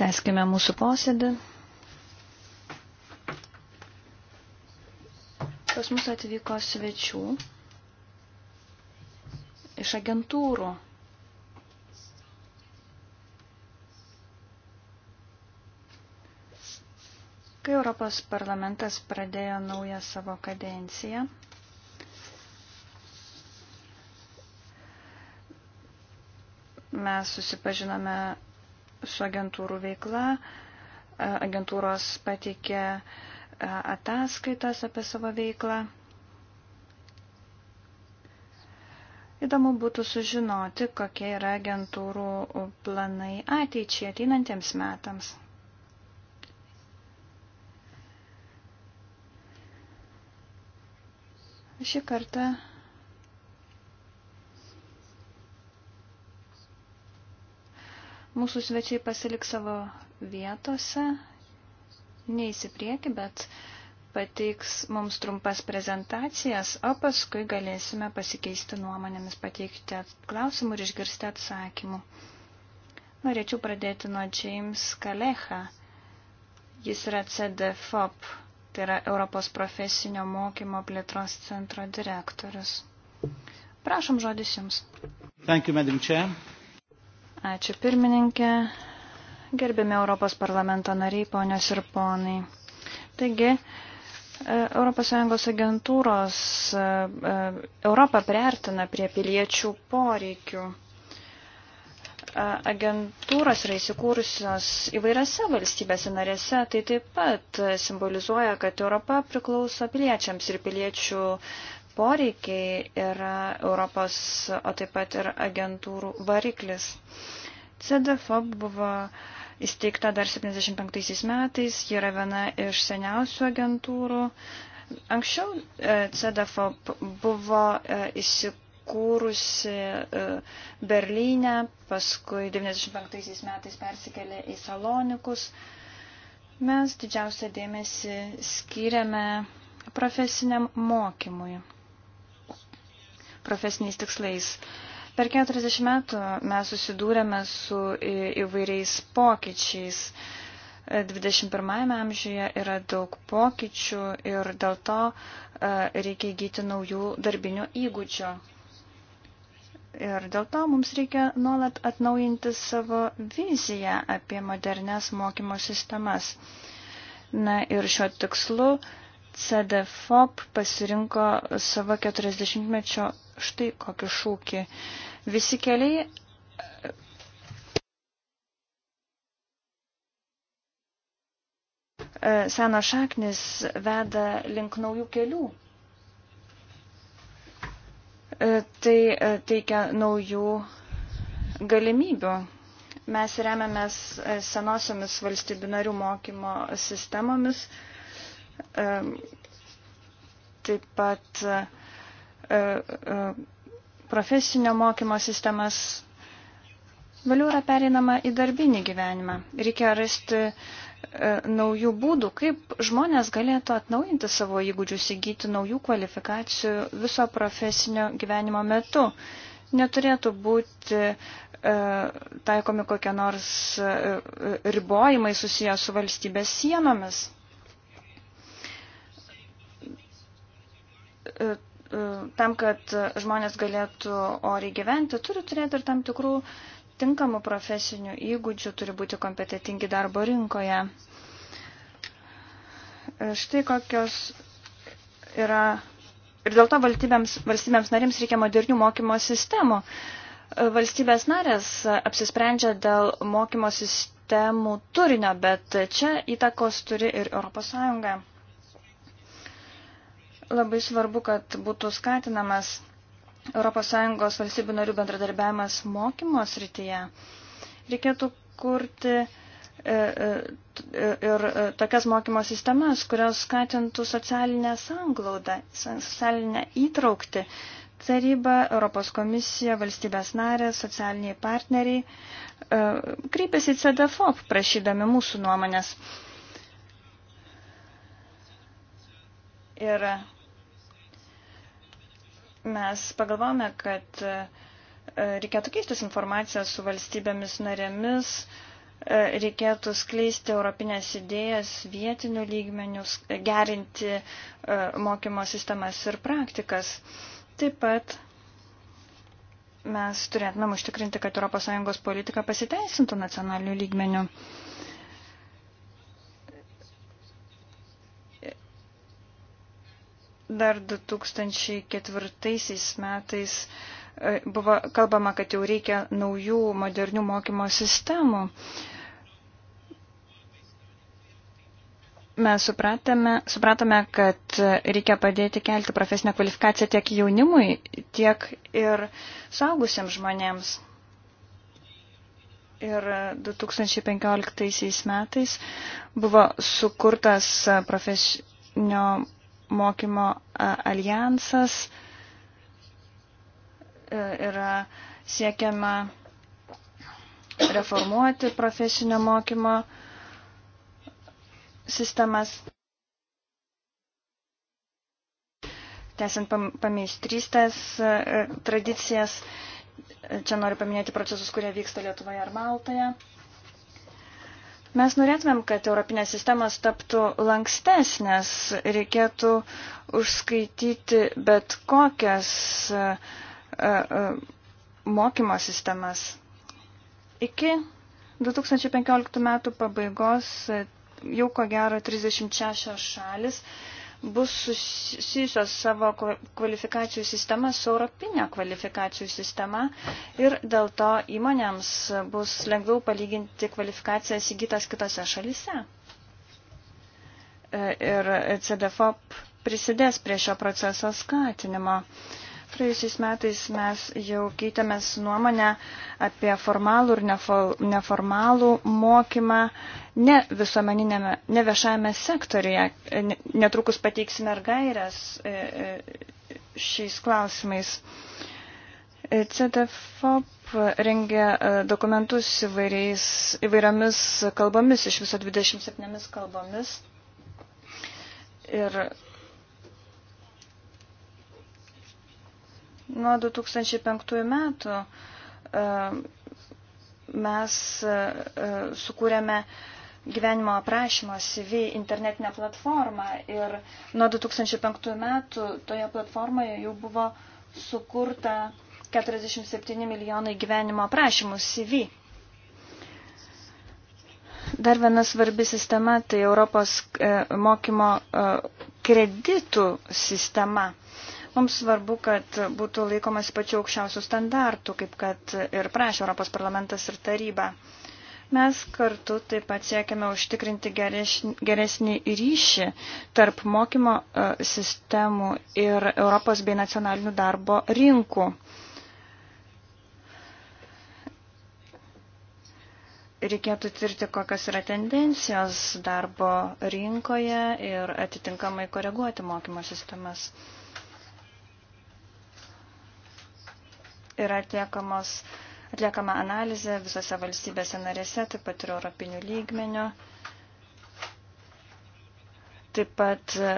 Teskime mūsų posėdį. Pas mus atvyko svečių iš agentūrų. Kai Europos parlamentas pradėjo naują savo kadenciją, mes susipažinome su agentūrų veikla, e, agentūros pateikė e, ataskaitas apie savo veiklą. Įdomu būtų sužinoti, kokie yra agentūrų planai ateičiai ateinantiems metams. Šį kartą Mūsų svečiai pasiliks savo vietose, neįsi prieki, bet pateiks mums trumpas prezentacijas, o paskui galėsime pasikeisti nuomonėmis, pateikti klausimų ir išgirsti atsakymų. Norėčiau pradėti nuo James Kalecha. Jis yra CDFOP, tai yra Europos profesinio mokymo plėtros centro direktorius. Prašom žodis Jums. Thank you, Madam Chair. Ačiū pirmininkė, gerbėme Europos parlamento nariai, ponios ir ponai. Taigi, ES agentūros e, e, Europą priartina prie piliečių poreikių. E, agentūros yra įsikūrusios įvairiose valstybėse narėse, tai taip pat simbolizuoja, kad Europa priklauso piliečiams ir piliečių poreikiai yra Europos, o taip pat ir agentūrų variklis. CDFOB buvo įsteigta dar 75 metais, ji yra viena iš seniausių agentūrų. Anksčiau e, CDFOB buvo e, įsikūrusi e, Berlyne, paskui 95 metais persikėlė į Salonikus. Mes didžiausią dėmesį skiriame profesiniam mokymui profesiniais tikslais. Per 40 metų mes susidūrėme su įvairiais pokyčiais. 21 amžiuje yra daug pokyčių ir dėl to e, reikia įgyti naujų darbinių įgūdžių. Ir dėl to mums reikia nuolat atnaujinti savo viziją apie modernes mokymo sistemas. Na ir šiuo tikslu CDFOP pasirinko savo 40-mečio štai kokį šūkį. Visi keliai. E, seno šaknis veda link naujų kelių. E, tai e, teikia naujų galimybių mes remiamės senosiomis valstybių narių mokymo sistemomis, taip pat E, e, profesinio mokymo sistemas. Vėliau yra pereinama į darbinį gyvenimą. Reikia rasti e, naujų būdų, kaip žmonės galėtų atnaujinti savo įgūdžius, įgyti naujų kvalifikacijų viso profesinio gyvenimo metu. Neturėtų būti e, taikomi kokie nors e, ribojimai susijęs su valstybės sienomis. E, E, tam, kad žmonės galėtų oriai gyventi, turi turėti ir tam tikrų tinkamų profesinių įgūdžių, turi būti kompetitingi darbo rinkoje. E, štai kokios yra. Ir dėl to valstybėms, valstybėms narėms reikia modernių mokymo sistemų. E, valstybės narės apsisprendžia dėl mokymo sistemų turinio, bet čia įtakos turi ir ES. Labai svarbu, kad būtų skatinamas ES valstybių narių bendradarbiavimas mokymo srityje. Reikėtų kurti e, e, e, ir tokias mokymo sistemas, kurios skatintų socialinę sanglaudą, socialinę įtraukti. Taryba, Europos komisija, valstybės narės, socialiniai partneriai kreipėsi į CDFOP prašydami mūsų nuomonės. Ir mes pagalvojame, kad e, reikėtų keistis informaciją su valstybėmis narėmis, e, reikėtų skleisti europinės idėjas vietinių lygmenių, gerinti e, mokymo sistemas ir praktikas. Taip pat mes turėtumėm užtikrinti, kad ES politika pasiteisintų nacionalinių lygmenių. Dar 2004 metais e, buvo kalbama, kad jau reikia naujų modernių mokymo sistemų. Mes supratome, supratome, kad reikia padėti kelti profesinę kvalifikaciją tiek jaunimui, tiek ir saugusiems žmonėms. Ir 2015 metais buvo sukurtas profesinio mokymo alijansas e, yra siekiama reformuoti profesinio mokymo sistemas. Tęsiant pameistrystės e, tradicijas, čia noriu paminėti procesus, kurie vyksta Lietuvoje ar Maltoje. Mes norėtumėm, kad Europinės sistemas taptų lankstesnės, reikėtų užskaityti bet kokias e, e, mokymo sistemas. Iki 2015 metų pabaigos e, jau ko gero 36 šalis bus susijusios savo kvalifikacijų sistema su europinė kvalifikacijų sistema ir dėl to įmonėms bus lengviau palyginti kvalifikacijas įgytas kitose šalise. E, ir CDFOP prisidės prie šio proceso skatinimo. Praėjusiais metais mes jau keitėmės nuomonę apie formalų ir neformalų mokymą ne visuomeninėme, ne viešajame sektorija. Netrukus pateiksime ir gairias e, e, šiais klausimais. E, CDFOP rengia dokumentus įvairiais, įvairiomis kalbomis, iš viso 27 kalbomis. Ir Nuo 2005 metų e, mes e, e, sukūrėme gyvenimo aprašymo CV internetinę platformą ir nuo 2005 metų toje platformoje jau buvo sukurta 47 milijonai gyvenimo aprašymų CV. Dar viena svarbi sistema tai Europos mokymo kreditų sistema. Mums svarbu, kad būtų laikomas pačiu aukščiausių standartų, kaip kad ir prašė Europos parlamentas ir taryba. Mes kartu taip pat siekiame užtikrinti geresnį ryšį tarp mokymo e, sistemų ir Europos bei nacionalinių darbo rinkų. reikėtų tirti, kokios yra tendencijos darbo rinkoje ir atitinkamai koreguoti mokymo sistemas. yra atliekamos, atliekama analizė visose valstybėse narėse, taip pat ir europinių lygmenių. Taip pat e,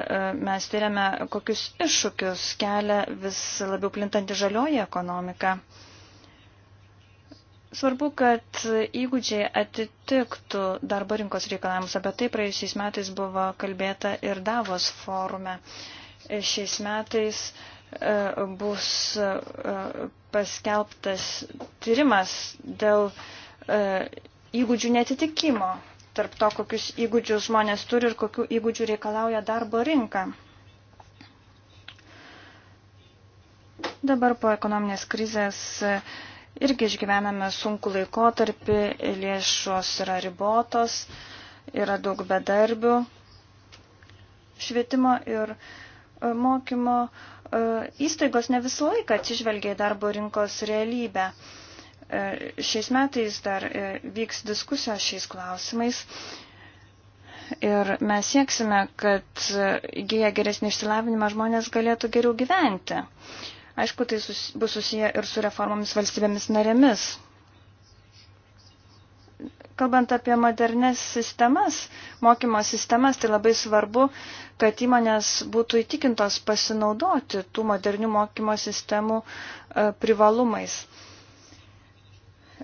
mes tyriame, kokius iššūkius kelia vis labiau plintanti žalioji ekonomika. Svarbu, kad įgūdžiai atitiktų darbo rinkos reikalavimus. Apie tai praėjusiais metais buvo kalbėta ir Davos forume. Šiais metais E, bus e, paskelbtas tyrimas dėl e, įgūdžių netitikimo tarp to, kokius įgūdžius žmonės turi ir kokių įgūdžių reikalauja darbo rinka. Dabar po ekonominės krizės irgi išgyvename sunku laikotarpį, lėšos yra ribotos, yra daug bedarbių švietimo ir uh, E, mokymo e, įstaigos ne visą laiką atsižvelgia į darbo rinkos realybę. E, šiais metais dar vyks diskusijos šiais klausimais ir mes sieksime, kad įgyję geresnį išsilavinimą žmonės galėtų geriau gyventi. Aišku, tai sus, bus susiję ir su reformomis valstybėmis narėmis. Kalbant apie modernes sistemas, mokymo sistemas, tai labai svarbu, kad įmonės būtų įtikintos pasinaudoti tų modernių mokymo sistemų e, privalumais.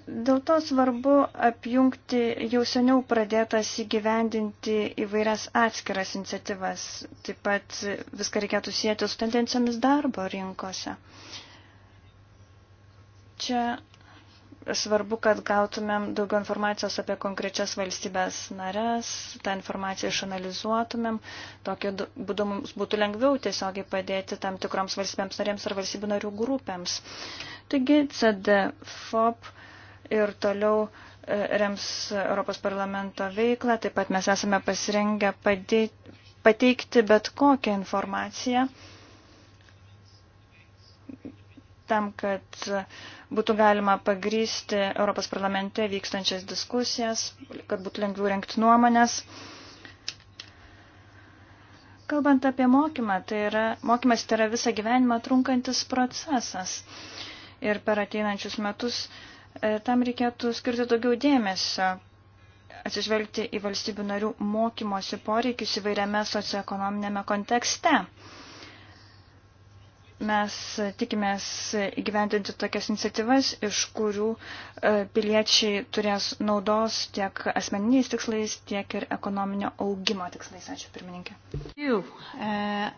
Dėl to svarbu apjungti jau seniau pradėtas įgyvendinti įvairias atskiras iniciatyvas. Taip pat viską reikėtų sieti su tendencijomis darbo rinkose. Čia svarbu, kad gautumėm daugiau informacijos apie konkrečias valstybės narės, tą informaciją išanalizuotumėm. Tokiu būdu mums būtų lengviau tiesiogiai padėti tam tikroms valstybėms narėms ar valstybių narių grupėms. Taigi CDFOP ir toliau e, rems Europos parlamento veiklą. Taip pat mes esame pasirengę padėti, pateikti bet kokią informaciją tam, kad būtų galima pagrysti Europos parlamente vykstančias diskusijas, kad būtų lengviau renkti nuomonės. Kalbant apie mokymą, tai yra, mokymas tai yra visą gyvenimą trunkantis procesas. Ir per ateinančius metus e, tam reikėtų skirti daugiau dėmesio, atsižvelgti į valstybių narių mokymosi poreikius įvairiame socioekonominėme kontekste mes tikimės įgyvendinti tokias iniciatyvas, iš kurių e, piliečiai turės naudos tiek asmeniniais tikslais, tiek ir ekonominio augimo tikslais. Ačiū, pirmininkė. Uh,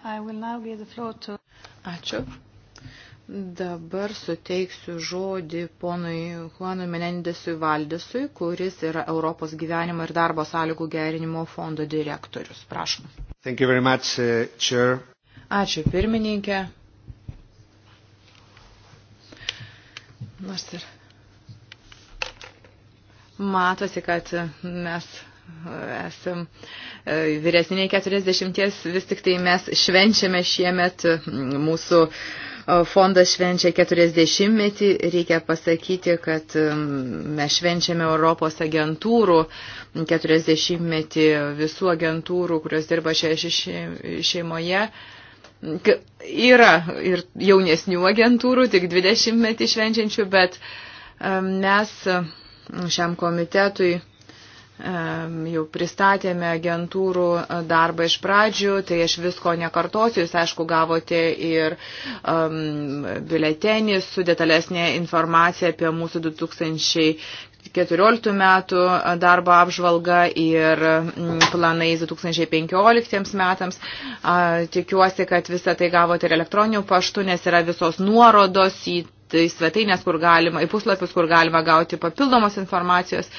Ačiū. Dabar suteiksiu žodį ponui Juanui Menendesui Valdesui, kuris yra Europos gyvenimo ir darbo sąlygų gerinimo fondo direktorius. Prašom. Much, uh, Ačiū pirmininkė. Nors ir matosi, kad mes e, esam e, vyresniai 40, vis tik tai mes švenčiame šiemet mūsų e, fondas švenčia 40-metį. Reikia pasakyti, kad mes švenčiame Europos agentūrų 40-metį visų agentūrų, kurios dirba šioje šeimoje. Ši, ši, Yra ir jaunesnių agentūrų, tik 20 metį švenčiančių, bet mes šiam komitetui jau pristatėme agentūrų darbą iš pradžių, tai aš visko nekartosiu, jūs aišku gavote ir um, biuletenį su detalesnė informacija apie mūsų 2014 2014 metų darbo apžvalga ir mm, planais 2015 metams. Tikiuosi, kad visą tai gavote ir elektroniniu paštu, nes yra visos nuorodos į tai svetainės, kur galima, į puslapius, kur galima gauti papildomos informacijos.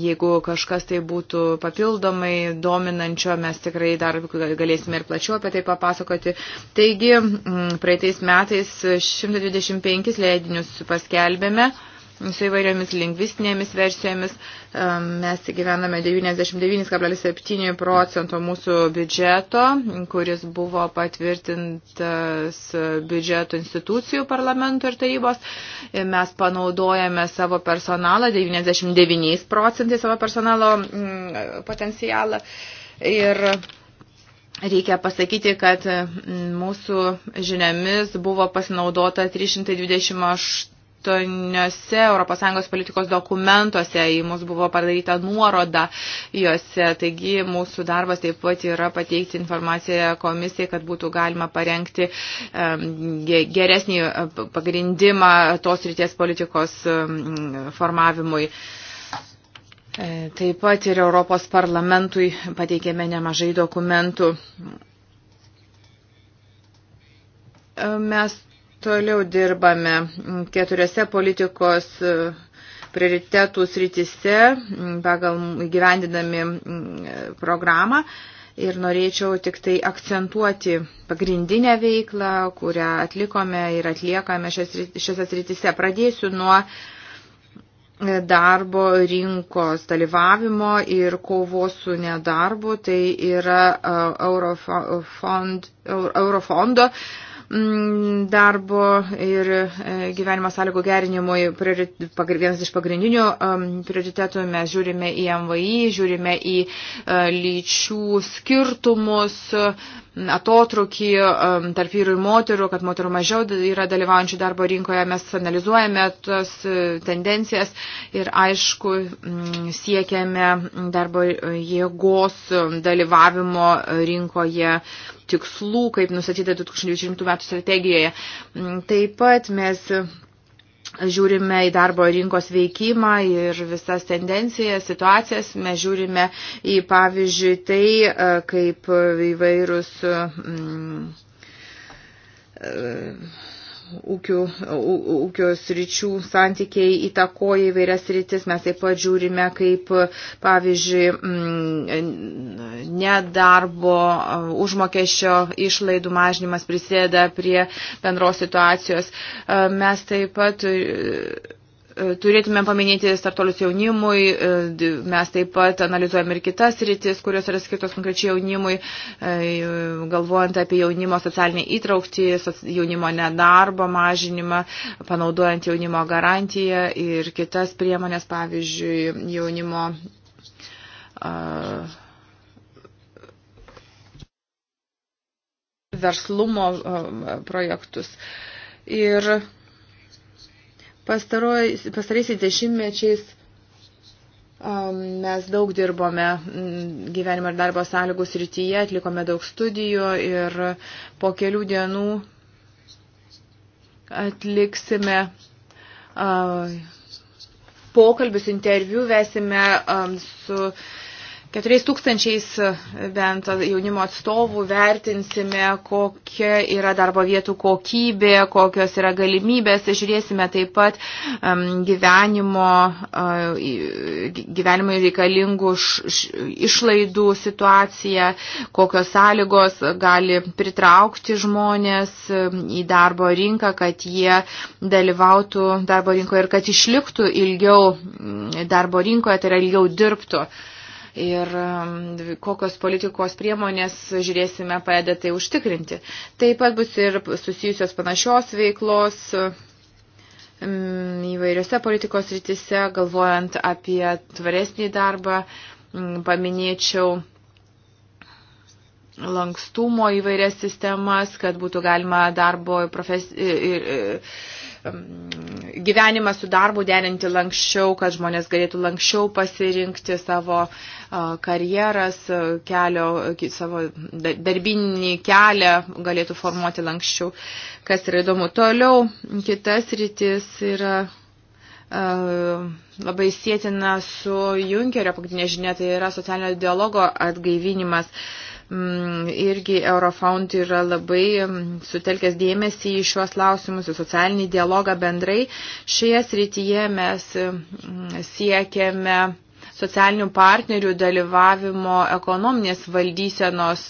Jeigu kažkas tai būtų papildomai dominančio, mes tikrai dar galėsime ir plačiau apie tai papasakoti. Taigi, mm, praeitais metais 125 leidinius paskelbėme su įvairiomis lingvistinėmis versijomis. Mes gyvename 99,7 procento mūsų biudžeto, kuris buvo patvirtintas biudžeto institucijų parlamentų ir tarybos. Mes panaudojame savo personalą, 99 procentai savo personalo mm, potencialą. Ir Reikia pasakyti, kad mm, mūsų žiniomis buvo pasinaudota 328 aštuoniuose ES politikos dokumentuose į mus buvo padaryta nuoroda juose. Taigi mūsų darbas taip pat yra pateikti informaciją komisijai, kad būtų galima parengti geresnį pagrindimą tos ryties politikos formavimui. E, taip pat ir Europos parlamentui pateikėme nemažai dokumentų e, mes Toliau dirbame keturiose politikos e, prioritetų srityse pagal gyvendinami e, programą. Ir norėčiau tik tai akcentuoti pagrindinę veiklą, kurią atlikome ir atliekame šiose srityse. Pradėsiu nuo e, darbo rinkos dalyvavimo ir kovos su nedarbu. Tai yra Eurofond, Eurofondo. Euro Mm, darbo ir e, gyvenimo sąlygų gerinimui vienas iš pagrindinių um, prioritetų. Mes žiūrime į MVI, žiūrime į e, lyčių skirtumus atotrukį tarp vyrų ir moterų, kad moterų mažiau yra dalyvaujančių darbo rinkoje. Mes analizuojame tos e, tendencijas ir aišku siekiame darbo jėgos dalyvavimo rinkoje tikslų, kaip nusatyta 2020 metų strategijoje. Taip pat mes žiūrime į darbo rinkos veikimą ir visas tendencijas, situacijas, mes žiūrime į pavyzdžiui tai, e, kaip įvairūs. Mm, e, ūkių, ūkio sričių santykiai įtakoja įvairias rytis. Mes taip pat žiūrime, kaip, pavyzdžiui, mm, nedarbo užmokesčio išlaidų mažinimas prisėda prie bendros situacijos. Mes taip pat E, turėtume paminėti startolius jaunimui, e, mes taip pat analizuojam ir kitas rytis, kurios yra skirtos konkrečiai jaunimui, e, galvojant apie jaunimo socialinį įtraukti, jaunimo nedarbo mažinimą, panaudojant jaunimo garantiją ir kitas priemonės, pavyzdžiui, jaunimo. Uh, verslumo projektus. Ir Pastaraisiais dešimtmečiais um, mes daug dirbome mm, gyvenimo ir darbo sąlygų srityje, atlikome daug studijų ir po kelių dienų atliksime uh, pokalbius, interviu, vesime um, su Keturiais tūkstančiais e, bent jaunimo atstovų vertinsime, kokia yra darbo vietų kokybė, kokios yra galimybės. Žiūrėsime taip pat um, gyvenimo, uh, gyvenimui reikalingų š, š, išlaidų situaciją, kokios sąlygos gali pritraukti žmonės e, į darbo rinką, kad jie dalyvautų darbo rinkoje ir kad išliktų ilgiau darbo rinkoje, tai yra ilgiau dirbtų. Uh, ir um, kokios politikos priemonės žiūrėsime padeda tai užtikrinti. Taip pat bus ir susijusios panašios veiklos um, įvairiose politikos rytise, galvojant apie tvaresnį darbą, um, paminėčiau lankstumo įvairias sistemas, kad būtų galima darbo profes gyvenimą su darbu derinti lankščiau, kad žmonės galėtų lankščiau pasirinkti savo karjeras, kelio, savo darbinį kelią galėtų formuoti lankščiau, kas yra įdomu. Toliau kitas rytis yra labai sėtina su Junkerio pagrindinė žinia, tai yra socialinio dialogo atgaivinimas. Uh, Mm, irgi Eurofound yra labai mm, sutelkęs dėmesį į šiuos klausimus, į socialinį dialogą bendrai. Šioje srityje mes mm, siekiame socialinių partnerių dalyvavimo ekonominės valdysenos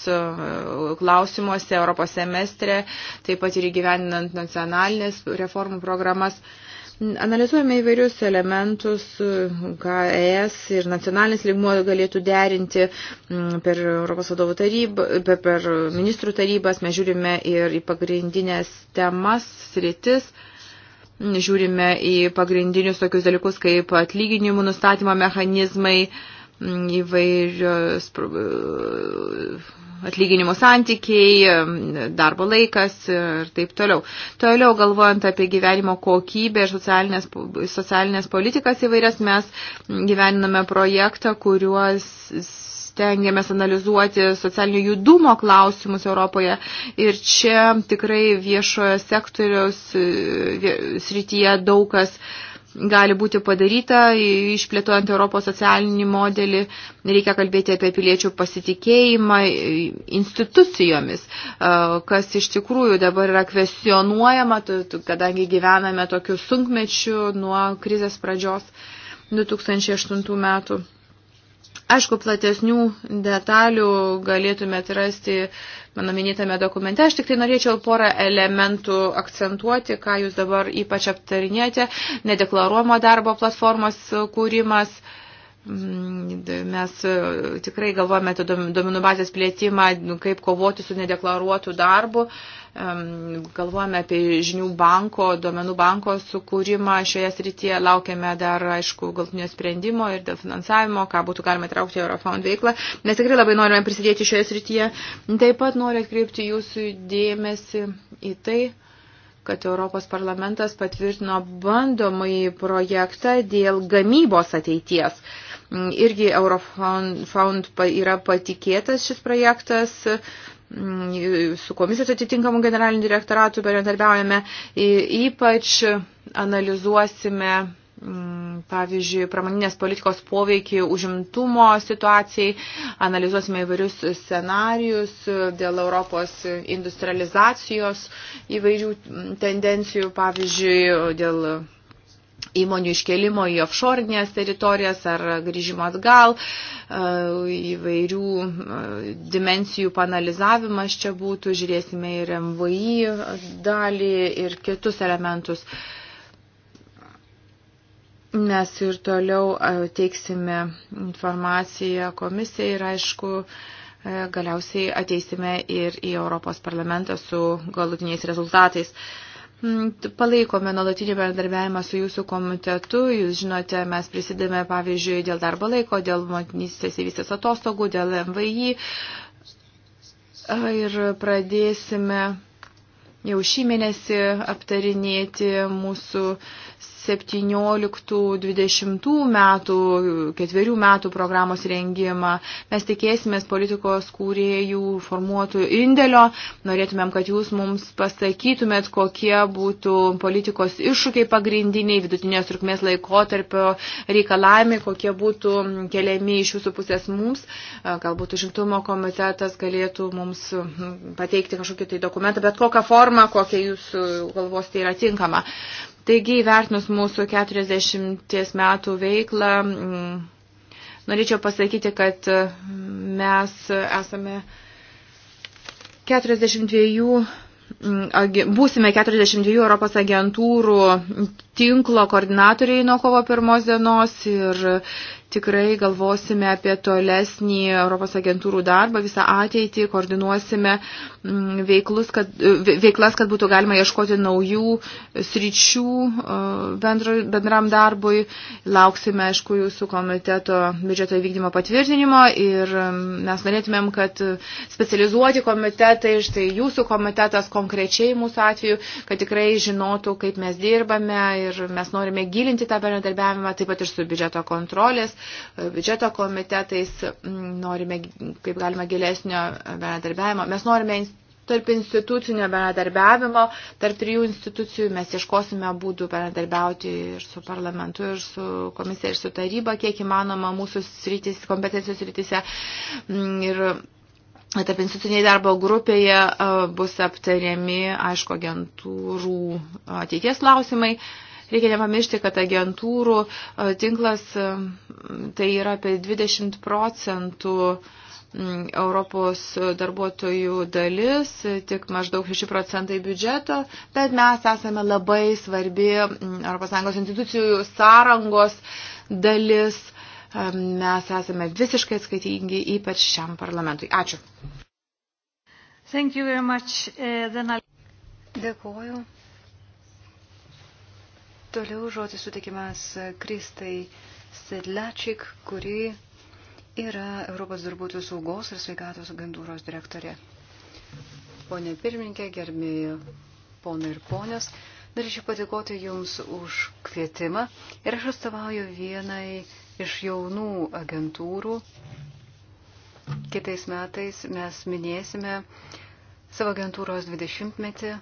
klausimuose Europos semestre, taip pat ir įgyveninant nacionalinės reformų programas. Analizuojame įvairius elementus, ką ES ir nacionalinis lygmuo galėtų derinti mm, per Europos vadovų tarybą, per, per ministrų tarybas. Mes žiūrime ir į pagrindinės temas, sritis žiūrime į pagrindinius tokius dalykus kaip atlyginimų nustatymo mechanizmai, mm, įvairios atlyginimų santykiai, darbo laikas ir taip toliau. Toliau galvojant apie gyvenimo kokybę ir socialinės, socialinės politikas įvairias, mes gyveniname projektą, kuriuos stengiamės analizuoti socialinio judumo klausimus Europoje ir čia tikrai viešojo sektoriaus e, srityje daug kas uh, gali būti padaryta, išplėtojant Europos socialinį modelį. Reikia kalbėti apie piliečių pasitikėjimą institucijomis, kas iš tikrųjų dabar yra kvestionuojama, kadangi gyvename tokiu sunkmečiu nuo krizės pradžios 2008 metų. Aišku, platesnių detalių galėtumėte rasti mano minėtame dokumente. Aš tik tai norėčiau porą elementų akcentuoti, ką jūs dabar ypač aptarinėte. Nedeklaruojamo darbo platformos kūrimas. Mm, mes e, tikrai galvojame apie duomenų bazės plėtimą, nu, kaip kovoti su nedeklaruotu darbu. Uh, galvojame apie žinių banko, duomenų banko sukūrimą šioje srityje, laukiame dar, aišku, galtinio sprendimo ir dėl finansavimo, ką būtų galima traukti į Eurofound veiklą, nes tikrai labai norime prisidėti šioje srityje. Taip pat noriu atkreipti jūsų dėmesį į tai, kad Europos parlamentas patvirtino bandomąjį projektą dėl gamybos ateities. Irgi Eurofound yra patikėtas šis projektas. Uh, Mm, su komisijos atitinkamu generaliniu direktoratu bendradarbiaujame, ypač analizuosime mm, pavyzdžiui, pramoninės politikos poveikį užimtumo situacijai, analizuosime įvairius scenarius dėl Europos industrializacijos įvairių mm, tendencijų, pavyzdžiui, dėl įmonių iškelimo į offshore'inės teritorijas ar grįžimo atgal, e, įvairių e, dimensijų panalizavimas čia būtų, žiūrėsime ir MVI dalį ir kitus elementus. Mes ir toliau e, teiksime informaciją komisijai ir aišku, galiausiai ateisime ir į Europos parlamentą su galutiniais rezultatais. Mm, palaikome nuolatinį bendarbiavimą su jūsų komitetu. Jūs žinote, mes prisidėme, pavyzdžiui, dėl darbo laiko, dėl motinystės įvystės atostogų, dėl MVI. Ir pradėsime jau šį mėnesį aptarinėti mūsų 17-20 metų, ketverių metų programos rengimą. Mes tikėsimės politikos kūrėjų, formuotojų indėlio. Norėtumėm, kad jūs mums pasakytumėt, kokie būtų politikos iššūkiai pagrindiniai, vidutinės trukmės laikotarpio reikalavimai, kokie būtų keliami iš jūsų pusės mums. Galbūt užimtumo komitetas galėtų mums pateikti kažkokį tai dokumentą, bet kokią formą, kokią jūs galvos tai yra tinkama. Taigi, įvertinus mūsų 40 metų veiklą, mm, norėčiau pasakyti, kad mm, mes esame 42 mm, būsime 42 Europos agentūrų tinklo koordinatoriai nuo kovo pirmos dienos ir tikrai galvosime apie tolesnį Europos agentūrų darbą, visą ateitį, koordinuosime mm, veiklus, kad, veiklas, kad būtų galima ieškoti naujų sričių e, bendro, bendram darbui. Lauksime, aišku, jūsų komiteto biudžeto įvykdymo patvirtinimo ir mm, mes norėtumėm, kad specializuoti komitetai, štai jūsų komitetas konkrečiai mūsų atveju, kad tikrai žinotų, kaip mes dirbame ir mes norime gilinti tą bendradarbiavimą, taip pat ir su biudžeto kontrolės E, biudžeto komitetais, norime kaip galima gilesnio bendradarbiavimo. Mes norime tarp institucinio bendradarbiavimo, tarp trijų institucijų mes ieškosime būdų bendradarbiauti ir su parlamentu, ir su komisija, ir su taryba, kiek įmanoma mūsų sritis, kompetencijos sritise. Ir tarp instituciniai darbo grupėje e, bus aptariami, aišku, agentūrų ateities klausimai. Reikia nepamiršti, kad agentūrų e, tinklas e, tai yra apie 20 procentų Europos darbuotojų dalis, tik maždaug 6 procentai biudžeto, bet mes esame labai svarbi ES institucijų sąrangos dalis. E, mes esame visiškai atskaitingi ypač šiam parlamentui. Ačiū. Thank you very much. Uh, then I'll... Dėkuoju. Toliau žodis sutikimas Kristai Sedlačik, kuri yra Europos darbuotojų saugos ir sveikatos agentūros direktorė. Pone pirmininkė, gerbėjai ponai ir ponios, norėčiau patikoti Jums už kvietimą ir aš atstovauju vienai iš jaunų agentūrų. Kitais metais mes minėsime savo agentūros 20-metį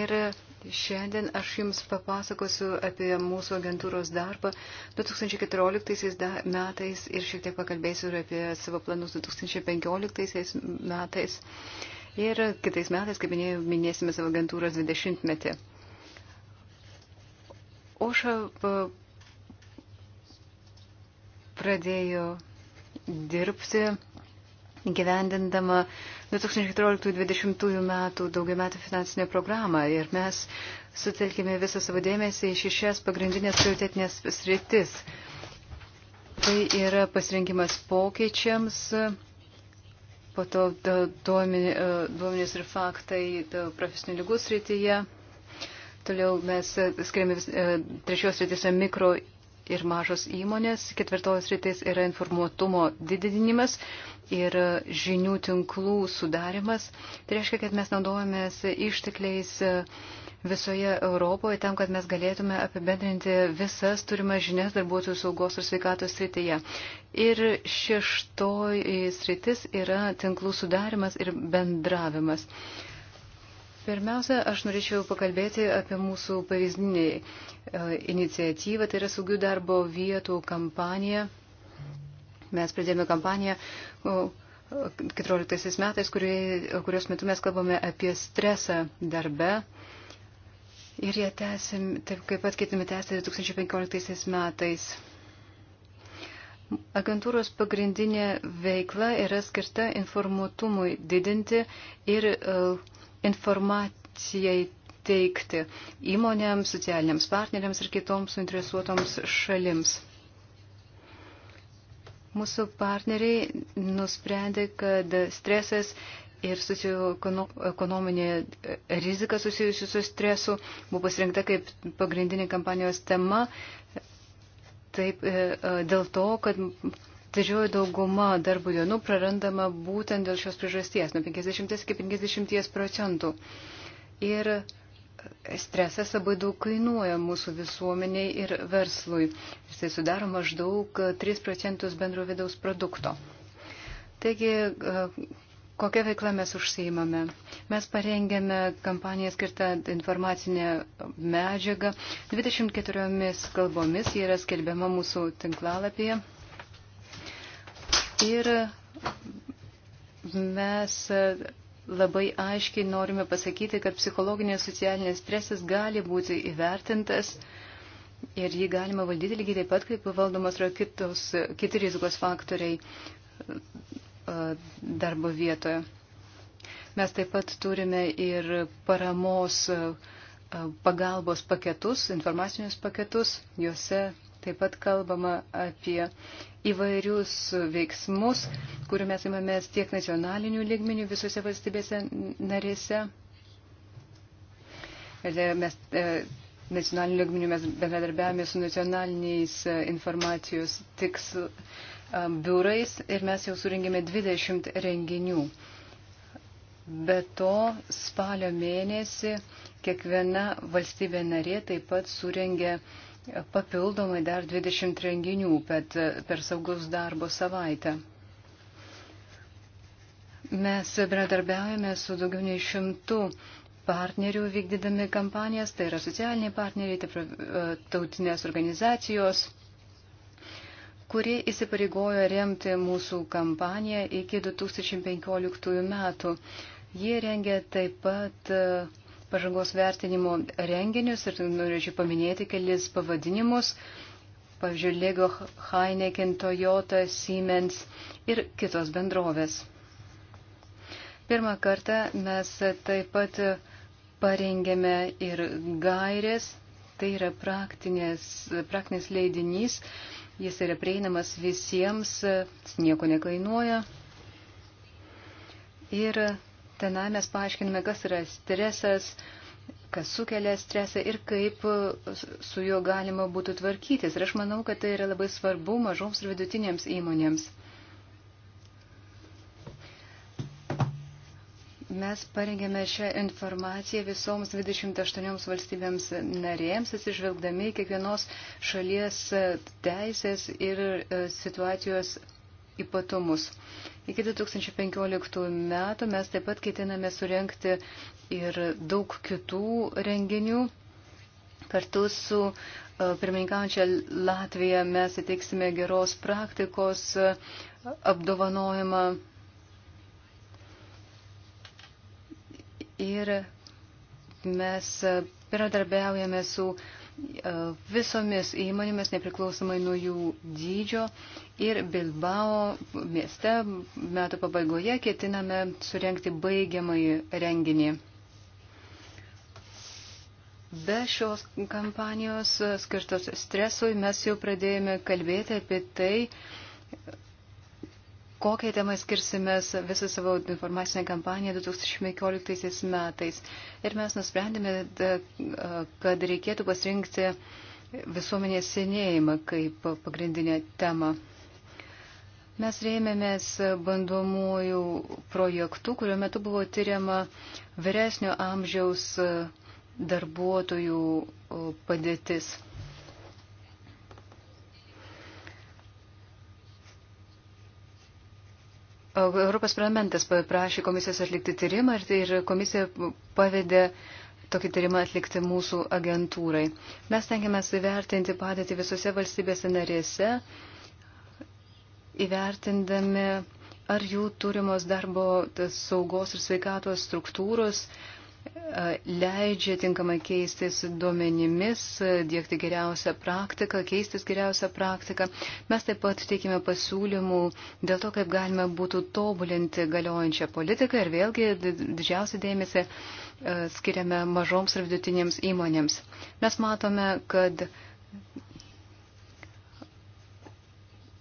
ir Šiandien aš Jums papasakosiu apie mūsų agentūros darbą 2014 metais ir šiek tiek pakalbėsiu ir apie savo planus 2015 metais. Ir kitais metais, kaip minėjau, minėsime savo agentūros 20-metį. Oša pradėjo dirbti gyvendindama uh, 2014-2020 metų daugiametę finansinę programą ir mes sutelkime visą savo dėmesį į šešias pagrindinės prioritetinės sritis. Tai yra pasirinkimas pokyčiams, po to e, duomenys ir faktai e, profesinių lygų srityje. Toliau mes skiriame e, trečios rytise mikro ir mažos įmonės. Ketvirtos rytis yra informuotumo didinimas ir žinių tinklų sudarimas. Tai reiškia, kad mes naudojamės ištekliais visoje Europoje tam, kad mes galėtume apibendrinti visas turimas žinias darbuotojų saugos ir sveikatos srityje. Ir šeštoji sritis yra tinklų sudarimas ir bendravimas. Pirmiausia, aš norėčiau pakalbėti apie mūsų pavyzdinį e, iniciatyvą, tai yra saugių darbo vietų kampanija. Mes pradėjome kampaniją 14 metais, kurios metu mes kalbame apie stresą darbe. Ir jie tęsim, taip kaip pat ketime tęsti 2015 metais. Agentūros pagrindinė veikla yra skirta informuotumui didinti ir uh, informacijai teikti įmonėms, socialiniams partneriams ir kitoms suinteresuotoms šalims. Mūsų partneriai nusprendė, kad stresas ir socioekonominė rizika susijusi su stresu buvo pasirinkta kaip pagrindinė kampanijos tema. Taip, e, e, dėl to, kad Didžioji dauguma darbo dienų prarandama būtent dėl šios priežasties, nuo 50 iki 50 procentų. Ir stresas labai daug kainuoja mūsų visuomeniai ir verslui. Jisai sudaro maždaug 3 procentus bendro vidaus produkto. Taigi, kokią veiklą mes užsiimame. Mes parengėme kampaniją skirtą informacinę medžiagą 24 kalbomis, jie yra skelbiama mūsų tinklalapyje. Ir mes labai aiškiai norime pasakyti, kad psichologinės socialinės stresas gali būti įvertintas ir jį galima valdyti lygiai taip pat, kaip valdomas yra kitos, kiti rizikos faktoriai darbo vietoje. Mes taip pat turime ir paramos pagalbos paketus, informacinius paketus, juose Taip pat kalbama apie įvairius veiksmus, kurių mes imamės tiek nacionalinių lygmenių visose valstybėse narėse. Tai mes, e, nacionalinių lygmenių mes bendradarbiavame su nacionaliniais e, informacijos tiksl e, biurais ir mes jau suringėme 20 renginių. Be to, spalio mėnesį kiekviena valstybė narė taip pat surengė uh, papildomai dar 20 renginių per, per saugus darbo savaitę. Mes bendradarbiaujame su daugiau nei šimtu partnerių vykdydami kampanijas, tai yra socialiniai partneriai, tai e, tautinės organizacijos, kurie įsipareigojo remti mūsų kampaniją iki 2015 metų. Jie rengia taip pat uh, pažangos vertinimo renginius ir norėčiau paminėti kelis pavadinimus. Pavyzdžiui, Lego Heineken, Toyota, Siemens ir kitos bendrovės. Pirmą kartą mes taip pat parengėme ir gairės, tai yra praktinės, praktinės leidinys, jis yra prieinamas visiems, nieko nekainuoja. Ir Tenai mes paaiškiname, kas yra stresas, kas sukelia stresą ir kaip su juo galima būtų tvarkytis. Ir aš manau, kad tai yra labai svarbu mažoms ir vidutinėms įmonėms. Mes parengėme šią informaciją visoms 28 valstybėms narėms, atsižvelgdami kiekvienos šalies teisės ir e, situacijos ypatumus. Iki 2015 metų mes taip pat ketiname surenkti ir daug kitų renginių. Kartu su e, pirmininkaujančia Latvija mes įteiksime geros praktikos e, apdovanojimą ir mes e, bendradarbiaujame su uh, E, visomis įmonėmis nepriklausomai nuo jų dydžio ir Bilbao mieste metų pabaigoje ketiname surenkti baigiamąjį renginį. Be šios kampanijos skirtos stresui mes jau pradėjome kalbėti apie tai, kokią temą skirsime visą savo informacinę kampaniją 2015 metais. Ir mes nusprendėme, kad reikėtų pasirinkti visuomenės senėjimą kaip pagrindinę temą. Mes rėmėmės bandomųjų projektų, kuriuo metu buvo tyriama vyresnio amžiaus darbuotojų padėtis. Europos parlamentas paprašė komisijos atlikti tyrimą ir, tai ir komisija pavedė tokį tyrimą atlikti mūsų agentūrai. Mes tengiamės įvertinti padėtį visose valstybėse narėse, įvertindami, ar jų turimos darbo saugos ir sveikatos struktūros uh, leidžia tinkamai keistis duomenimis, dėkti geriausią praktiką, keistis geriausią praktiką. Mes taip pat teikime pasiūlymų dėl to, kaip galime būtų tobulinti galiojančią politiką ir vėlgi didžiausią dėmesį e, skiriame mažoms ir vidutinėms įmonėms. Mes matome, kad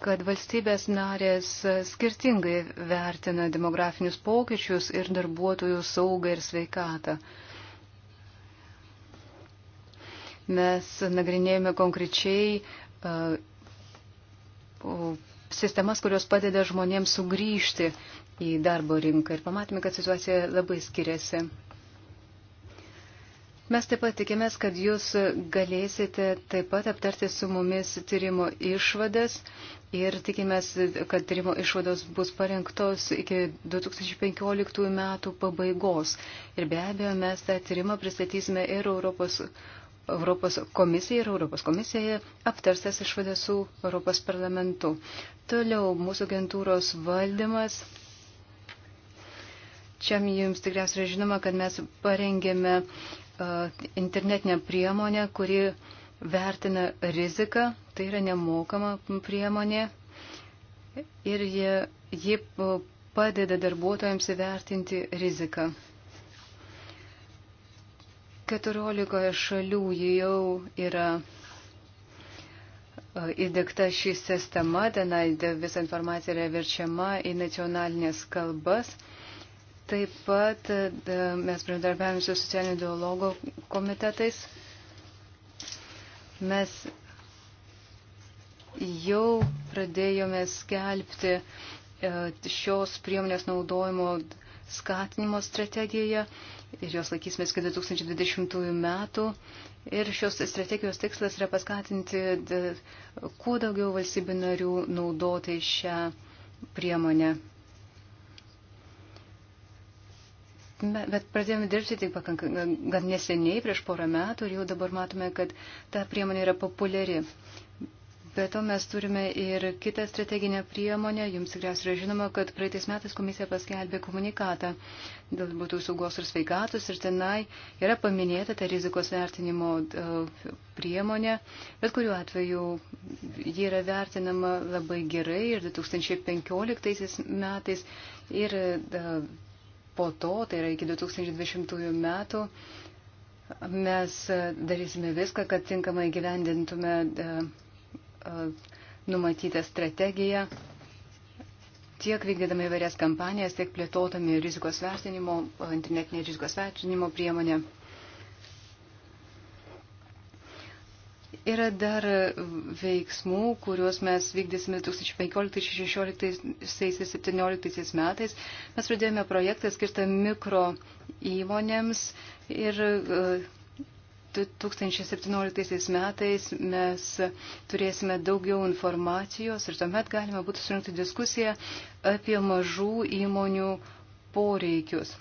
kad valstybės narės skirtingai vertina demografinius pokyčius ir darbuotojų saugą ir sveikatą. Mes nagrinėjome konkrečiai e, sistemas, kurios padeda žmonėms sugrįžti į darbo rinką ir pamatėme, kad situacija labai skiriasi. Mes taip pat tikimės, kad jūs galėsite taip pat aptarti su mumis tyrimo išvadas ir tikimės, kad tyrimo išvados bus parengtos iki 2015 metų pabaigos. Ir be abejo, mes tą tyrimą pristatysime ir Europos, Europos komisijai ir Europos komisijoje aptarstas išvadas su Europos parlamentu. Toliau mūsų agentūros valdymas. Čia jums tikriausiai žinoma, kad mes parengėme uh, internetinę priemonę, kuri vertina riziką, tai yra nemokama priemonė ir jie, jie padeda darbuotojams įvertinti riziką. 14 šalių jau yra įdėkta ši sistema, tenai visa informacija yra verčiama į nacionalinės kalbas Taip pat e, mes bendradarbiavame su socialinio dialogo komitetais. Mes jau pradėjome skelbti e, šios priemonės naudojimo skatinimo strategijoje ir jos laikysimės iki 2020 metų. Ir šios strategijos tikslas yra paskatinti e, kuo daugiau valstybių narių naudoti šią priemonę. Bet pradėjome dirbti tik pakankamai gan neseniai, prieš porą metų, ir jau dabar matome, kad ta priemonė yra populiari. Be to mes turime ir kitą strateginę priemonę. Jums tikriausiai yra žinoma, kad praeitais metais komisija paskelbė komunikatą dėl būtų saugos ir sveikatos ir tenai yra paminėta ta rizikos vertinimo e, priemonė, bet kuriuo atveju ji yra vertinama labai gerai ir 2015 metais ir e, po to, tai yra iki 2020 metų, mes darysime viską, kad tinkamai gyvendintume e, e, numatytą strategiją, tiek vykdydami įvairias kampanijas, tiek plėtotami rizikos vertinimo, internetinė rizikos vertinimo priemonė. Yra dar veiksmų, kuriuos mes vykdysime 2015, 2016, 2017 metais. Mes pradėjome projektą skirtą mikro įmonėms ir 2017 e, metais mes turėsime daugiau informacijos ir tuomet galima būtų surinkti diskusiją apie mažų įmonių poreikius.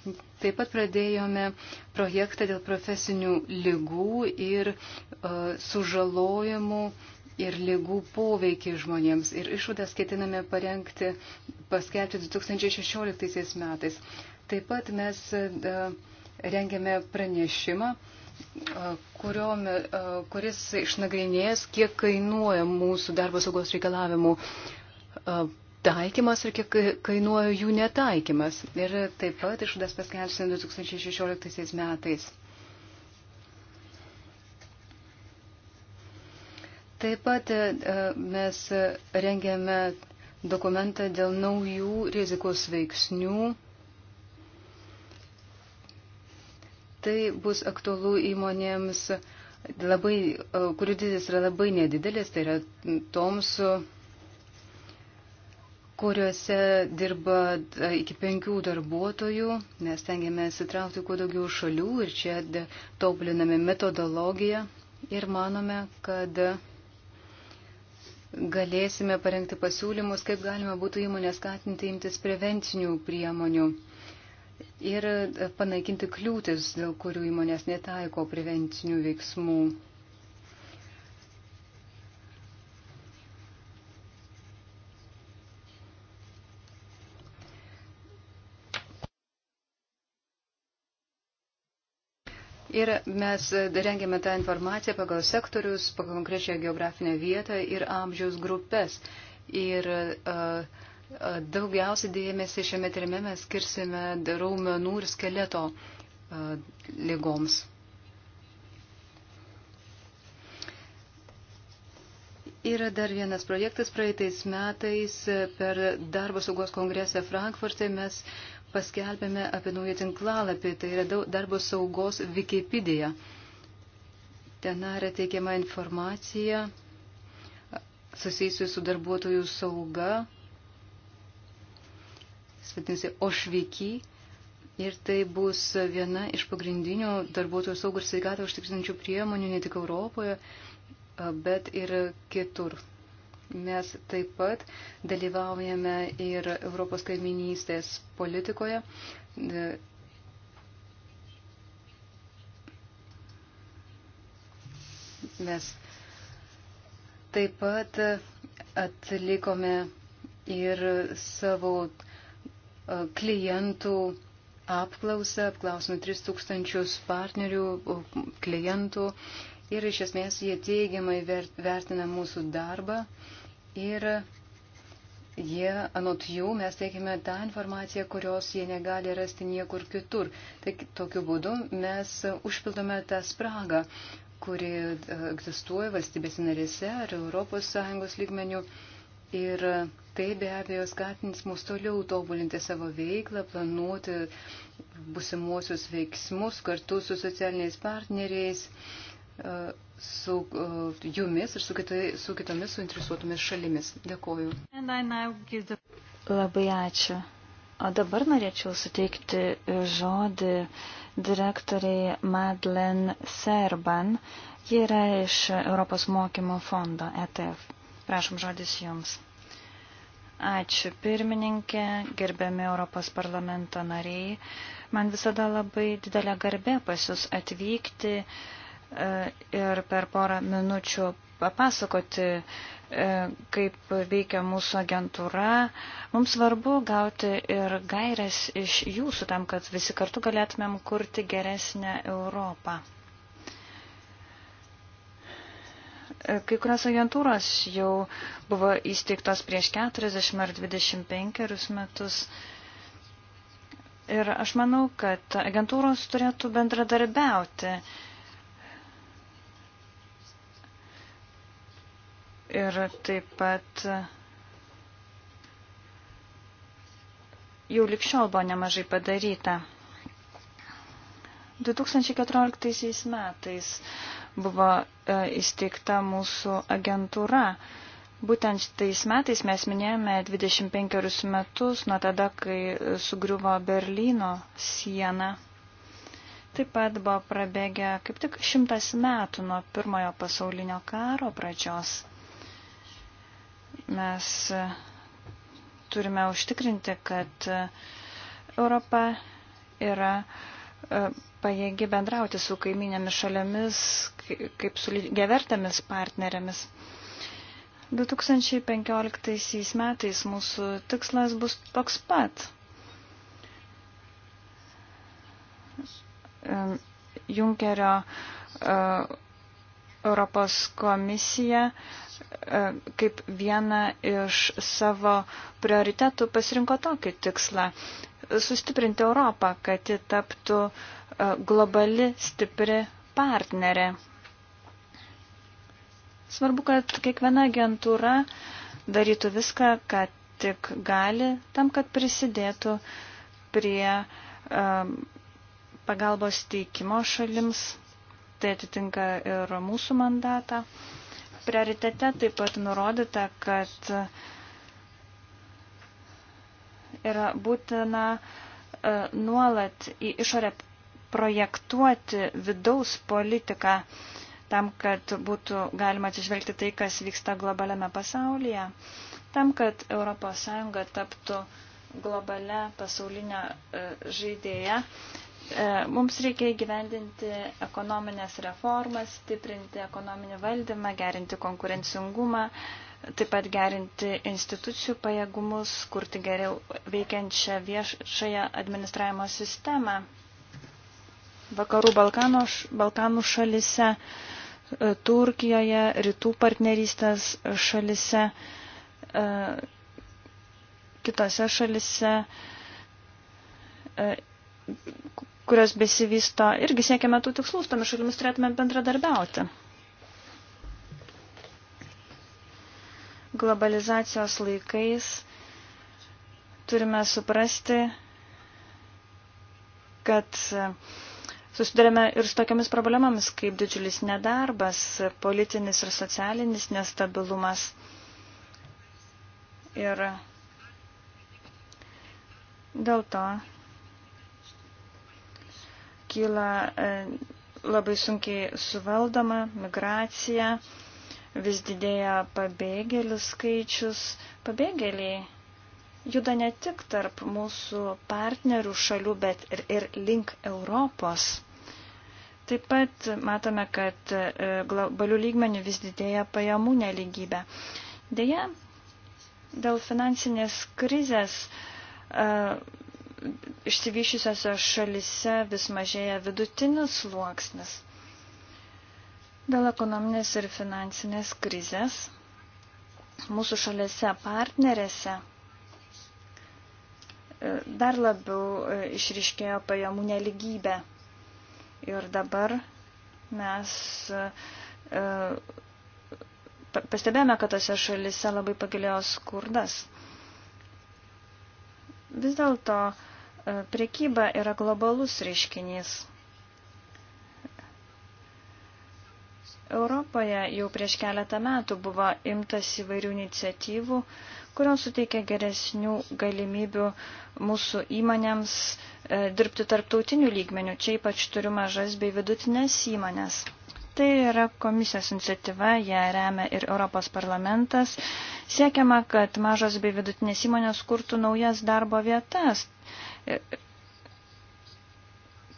Taip pat pradėjome projektą dėl profesinių lygų ir uh, sužalojimų ir lygų poveikį žmonėms. Ir išvadas ketiname parengti, paskelbti 2016 metais. Taip pat mes uh, rengiame pranešimą e, kuriom, kuris išnagrinės, kiek kainuoja mūsų darbo saugos reikalavimų taikymas ir kiek kainuoja jų netaikymas. Ir taip pat išvadas paskelbsime 2016 metais. Taip pat e, e, mes rengiame dokumentą dėl naujų rizikos veiksnių. Tai bus aktualu įmonėms, labai, e, kurių dydis yra labai nedidelis, tai yra toms kuriuose dirba e, iki penkių darbuotojų. Mes tengiamės įtraukti kuo daugiau šalių ir čia tobuliname metodologiją ir manome, kad galėsime parengti pasiūlymus, kaip galima būtų įmonę skatinti imtis prevencinių priemonių ir e, panaikinti kliūtis, dėl kurių įmonės netaiko prevencinių veiksmų. Ir mes rengėme tą informaciją pagal sektorius, pagal konkrečią geografinę vietą ir amžiaus grupės. Ir uh, daugiausiai dėmesį šiame tyrime mes skirsime raumenų ir skeleto uh, lygoms. Yra dar vienas projektas. Praeitais metais per darbo saugos kongresą Frankfurte mes paskelbėme apie naują tinklalapį. Tai yra darbo saugos Wikipedia. Ten yra teikiama informacija susijusi su darbuotojų sauga. Svetinsi Ošvyky. Ir tai bus viena iš pagrindinių darbuotojų saugų ir sveikatą užtikrinančių priemonių ne tik Europoje, bet ir kitur. Mes taip pat dalyvaujame ir Europos kaiminystės politikoje. Mes taip pat atlikome ir savo klientų apklausą, apklausome 3000 partnerių, klientų. Uh, ir iš esmės jie teigiamai vertina mūsų darbą ir jie, anot jų, mes teikime tą informaciją, kurios jie negali rasti niekur kitur. Tai tokiu būdu mes užpildome tą spragą, kuri e, egzistuoja valstybės narėse ar ES lygmenių. Ir tai be abejo skatins mus toliau tobulinti savo veiklą, planuoti busimuosius veiksmus kartu su socialiniais partneriais su e, jumis ir su, kitai, su kitomis suinteresuotomis šalimis. Dėkoju. The... Labai ačiū. O dabar norėčiau suteikti žodį direktoriai Madlen Serban. Ji yra iš Europos mokymo fondo ETF. Prašom žodis jums. Ačiū pirmininkė, gerbiami Europos parlamento nariai. Man visada labai didelė garbė pas jūs atvykti E, ir per porą minučių papasakoti, e, kaip veikia mūsų agentūra. Mums svarbu gauti ir gairias iš jūsų tam, kad visi kartu galėtumėm kurti geresnę Europą. E, kai kurios agentūros jau buvo įsteigtos prieš 40 ar 25 metus. Ir aš manau, kad agentūros turėtų bendradarbiauti Ir taip pat jau likščiol buvo nemažai padaryta. 2014 metais buvo e, įsteigta mūsų agentūra. Būtent tais metais mes minėjome 25 metus nuo tada, kai sugriuvo Berlyno siena. Taip pat buvo prabėgę kaip tik šimtas metų nuo pirmojo pasaulinio karo pradžios. Mes e, turime užtikrinti, kad e, Europa yra e, pajėgi bendrauti su kaiminėmis šalėmis, kaip su gevertėmis partnerėmis. 2015 metais mūsų tikslas bus toks pat. Junkerio Europos komisija e, kaip vieną iš savo prioritetų pasirinko tokį tikslą - sustiprinti Europą, kad ji taptų e, globali, stipri partnerė. Svarbu, kad kiekviena agentūra darytų viską, kad tik gali, tam, kad prisidėtų prie um, pagalbos teikimo šalims tai atitinka ir mūsų mandatą. Prioritete taip pat nurodyta, kad yra būtina e, nuolat į išorę projektuoti vidaus politiką tam, kad būtų galima atsižvelgti tai, kas vyksta globaliame pasaulyje, tam, kad ES taptų globale pasaulinė e, žaidėja, E, mums reikia įgyvendinti ekonominės reformas, stiprinti ekonominį valdymą, gerinti konkurencingumą, taip pat gerinti institucijų pajėgumus, kurti geriau veikiančią viešąją administravimo sistemą. Vakarų Balkanų, Balkanų šalise, e, Turkijoje, rytų partnerystės šalise, e, kitose šalise kurios besivysto, irgi siekiame tų tikslų, su tomis šalimis turėtume bendradarbiauti. Globalizacijos laikais turime suprasti, kad susidurėme ir su tokiamis problemomis, kaip didžiulis nedarbas, politinis ir socialinis nestabilumas. Ir dėl to kyla e, labai sunkiai suvaldoma migracija, vis didėja pabėgėlių skaičius. Pabėgėliai juda ne tik tarp mūsų partnerių šalių, bet ir, ir link Europos. Taip pat matome, kad e, globalių lygmenių vis didėja pajamų neligybė. Deja, dėl finansinės krizės e, išsivyšiusiose šalise vis mažėja vidutinis sluoksnis. Dėl ekonominės ir finansinės krizės mūsų šalėse partnerėse e, dar labiau e, išriškėjo pajamų neligybė. Ir dabar mes e, pastebėjome, kad tose šalise labai pagilėjo skurdas. Vis dėlto E, prekyba yra globalus reiškinys. Europoje jau prieš keletą metų buvo imtas įvairių iniciatyvų, kurios suteikia geresnių galimybių mūsų įmonėms e, dirbti tarptautinių lygmenių. Čia ypač turiu mažas bei vidutinės įmonės. Tai yra komisijos iniciatyva, ją remia ir Europos parlamentas. Siekiama, kad mažos bei vidutinės įmonės kurtų naujas darbo vietas,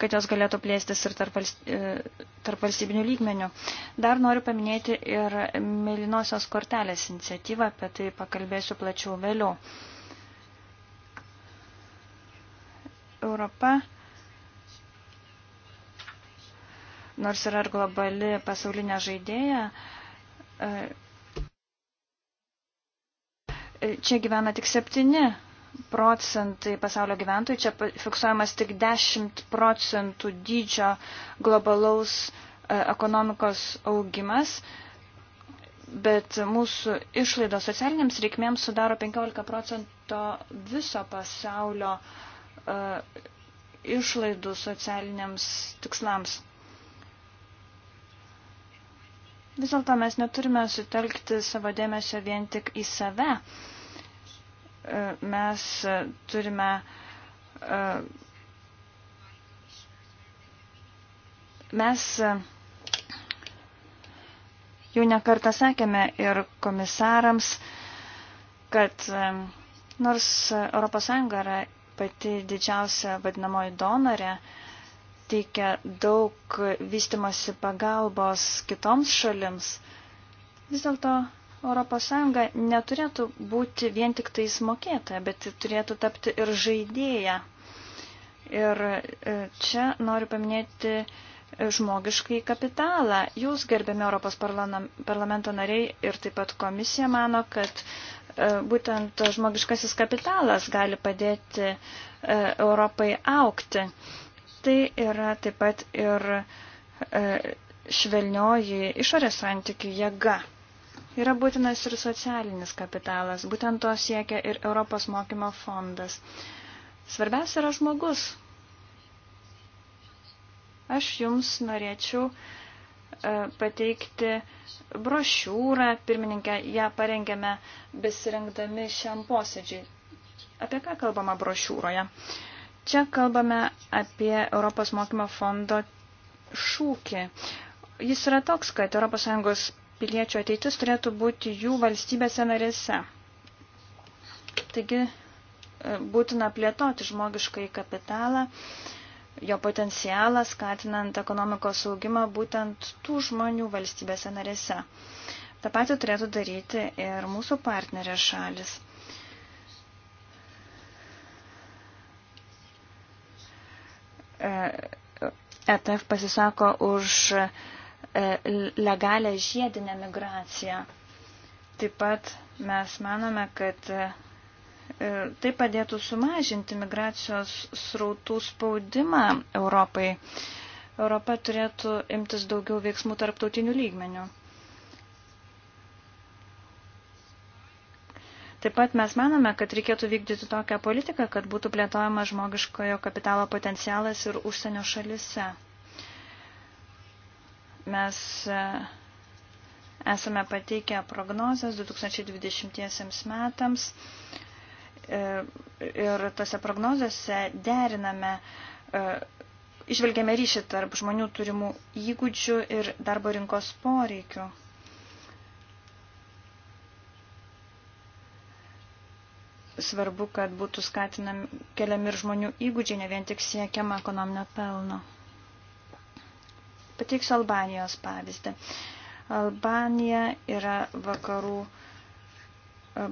kad jos galėtų plėstis ir tarp, e, tarp valstybinių lygmenių. Dar noriu paminėti ir Mėlynosios kortelės iniciatyvą, apie tai pakalbėsiu plačiau vėliau. Europa, nors yra ir globali pasaulinė žaidėja, e, e, čia gyvena tik septyni procentai pasaulio gyventojų, čia fiksuojamas tik 10 procentų dydžio globalaus e, ekonomikos augimas, bet mūsų išlaidos socialiniams reikmėms sudaro 15 procento viso pasaulio e, išlaidų socialiniams tikslams. Vis dėlto mes neturime sutelkti savo dėmesio vien tik į save. Uh, E, mes e, turime e, mes jau nekartą sakėme ir komisarams, kad nors ES yra pati didžiausia vadinamoji donorė, teikia daug vystimosi pagalbos kitoms šalims, vis dėlto ES neturėtų būti vien tik tais mokėta, bet turėtų tapti ir žaidėja. Ir e, čia noriu paminėti e, žmogiškai kapitalą. Jūs, gerbėme Europos parlamento nariai ir taip pat komisija, mano, kad e, būtent žmogiškasis kapitalas gali padėti Europai aukti. Tai yra taip pat ir švelnioji išorės santykių jėga. Yra būtinas ir socialinis kapitalas, būtent to siekia ir Europos mokymo fondas. Svarbiausia yra žmogus. Aš jums norėčiau e, pateikti brošiūrą, pirmininkę, ją parengėme besirinkdami šiam posėdžiui. Apie ką kalbama brošiūroje? Čia kalbame apie Europos mokymo fondo šūkį. Jis yra toks, kad ES piliečių ateitis turėtų būti jų valstybėse narėse. Taigi e, būtina plėtoti žmogiškai kapitalą, jo potencialą, skatinant ekonomikos augimą būtent tų žmonių valstybėse narėse. Ta pati turėtų daryti ir mūsų partnerės šalis. ETF e pasisako už uh, E, legalę žiedinę migraciją. Taip pat mes manome, kad e, e, tai padėtų sumažinti migracijos srautų spaudimą Europai. Europa turėtų imtis daugiau veiksmų tarptautinių lygmenių. Taip pat mes manome, kad reikėtų vykdyti tokią politiką, kad būtų plėtojama žmogiškojo kapitalo potencialas ir užsienio šalise. Mes e, esame pateikę prognozes 2020 metams e, ir tose prognozėse deriname, e, išvelgiame ryšį tarp žmonių turimų įgūdžių ir darbo rinkos poreikių. Svarbu, kad būtų skatinami keliami ir žmonių įgūdžiai, ne vien tik siekiama ekonominio pelno. Pateiksiu Albanijos pavyzdį. Albanija yra vakarų e,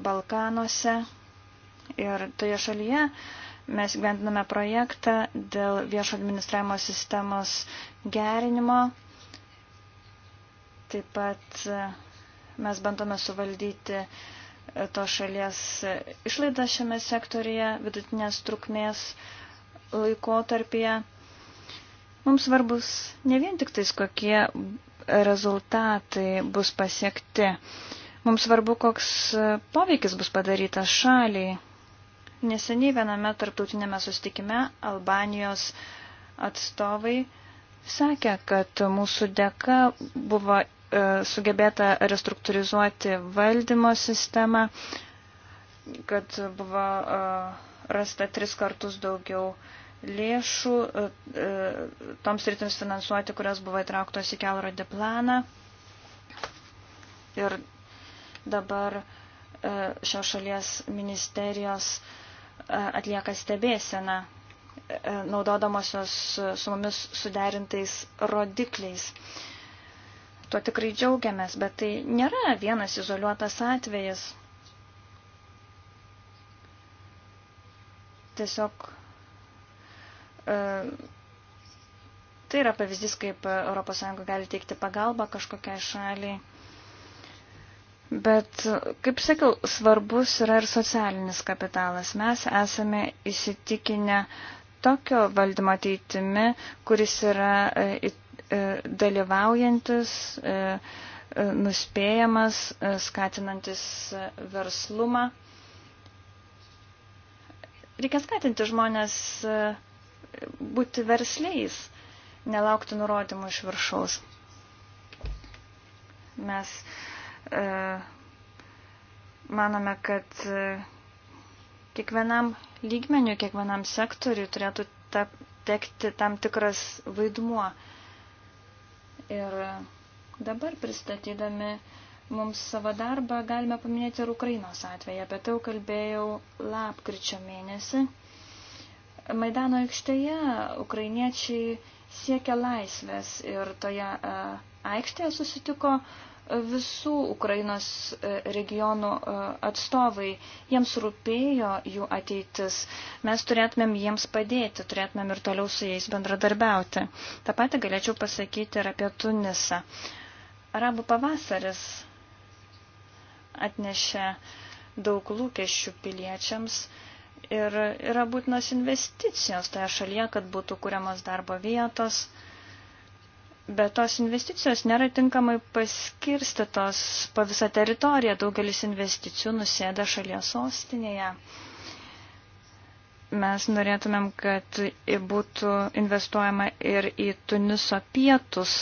Balkanuose ir toje šalyje mes gyvendiname projektą dėl viešo administravimo sistemos gerinimo. Taip pat e, mes bandome suvaldyti e, to šalies išlaidą šiame sektorija vidutinės trukmės laikotarpyje. Mums svarbus ne vien tik tais, kokie rezultatai bus pasiekti. Mums svarbu, koks poveikis bus padarytas šaliai. Neseniai viename tarptautinėme sustikime Albanijos atstovai sakė, kad mūsų dėka buvo e, sugebėta restruktūrizuoti valdymo sistemą, kad buvo e, rasta tris kartus daugiau uh, lėšų e, e, toms rytims finansuoti, kurios buvo įtrauktos į kelrodį planą. Ir dabar e, šios šalies ministerijos atlieka stebėseną, naudodamosios su mumis suderintais rodikliais. Tuo tikrai džiaugiamės, bet tai nėra vienas izoliuotas atvejis. Tiesiog E, tai yra pavyzdys, kaip ES gali teikti pagalbą kažkokiai šaliai. Bet, kaip sakiau, svarbus yra ir socialinis kapitalas. Mes esame įsitikinę tokio valdymo ateitimi, kuris yra e, e, dalyvaujantis, nuspėjamas, skatinantis verslumą. Reikia skatinti žmonės būti versliais, nelaukti nurodymų iš viršaus. Mes e, manome, kad e, kiekvienam lygmeniu, kiekvienam sektoriui turėtų ta, tekti tam tikras vaidmuo. Ir e, dabar pristatydami mums savo darbą galime paminėti ir Ukrainos atveju. Apie tai jau kalbėjau lapkričio mėnesį. Maidano aikštėje ukrainiečiai siekia laisvės ir toje e, aikštėje susitiko e, visų Ukrainos e, regionų atstovai. Jiems rūpėjo jų ateitis. Mes turėtumėm jiems padėti, turėtumėm ir toliau su jais bendradarbiauti. Ta pati galėčiau pasakyti ir apie Tunisą. Arabų pavasaris atnešė daug lūkesčių piliečiams ir yra būtinos investicijos toje šalyje, kad būtų kuriamos darbo vietos. Bet tos investicijos nėra tinkamai paskirstytos po visą teritoriją, daugelis investicijų nusėda šalies sostinėje. Mes norėtumėm, kad būtų investuojama ir į Tuniso pietus,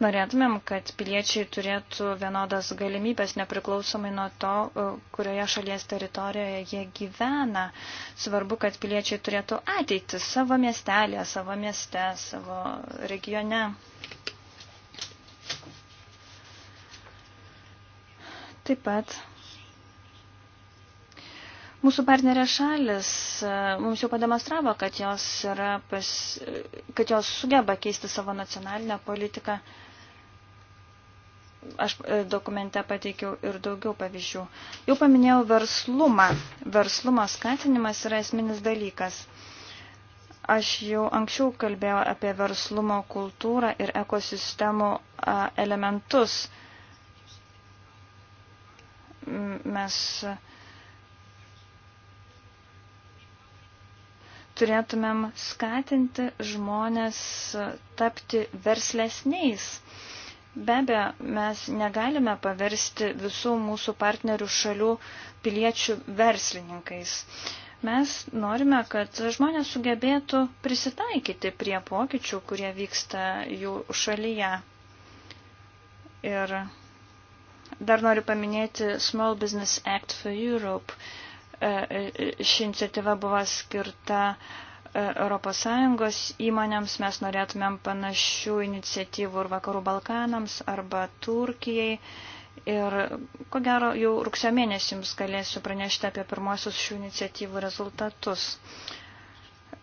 Norėtumėm, kad piliečiai turėtų vienodas galimybės nepriklausomai nuo to, e, kurioje šalies teritorijoje jie gyvena. Svarbu, kad piliečiai turėtų ateitį savo miestelėje, savo mieste, savo regione. Taip pat Mūsų partnerės šalis e, mums jau pademonstravo, kad jos, yra pas, e, kad jos sugeba keisti savo nacionalinę politiką. Aš e, dokumente pateikiau ir daugiau pavyzdžių. Jau paminėjau verslumą. Verslumo skatinimas yra esminis dalykas. Aš jau anksčiau kalbėjau apie verslumo kultūrą ir ekosistemų elementus. Mes turėtumėm skatinti žmonės tapti verslesniais. Be abejo, mes negalime paversti visų mūsų partnerių šalių piliečių verslininkais. Mes norime, kad žmonės sugebėtų prisitaikyti prie pokyčių, kurie vyksta jų šalyje. Ir dar noriu paminėti Small Business Act for Europe. E, e, e, ši iniciatyva buvo skirta uh, ES įmonėms mes norėtumėm panašių iniciatyvų ir Vakarų Balkanams arba Turkijai. Ir ko gero jau rugsėjo mėnesį jums galėsiu pranešti apie pirmosius šių iniciatyvų rezultatus.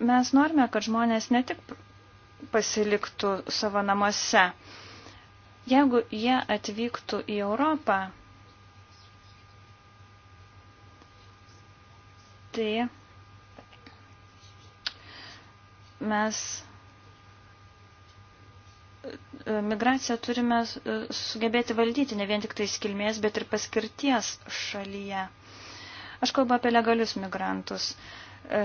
Mes norime, kad žmonės ne tik pasiliktų savo namuose. Jeigu jie atvyktų į Europą, tai mes e, migraciją turime e, sugebėti valdyti ne vien tik tais kilmės, bet ir paskirties šalyje. Aš kalbu apie legalius migrantus. E,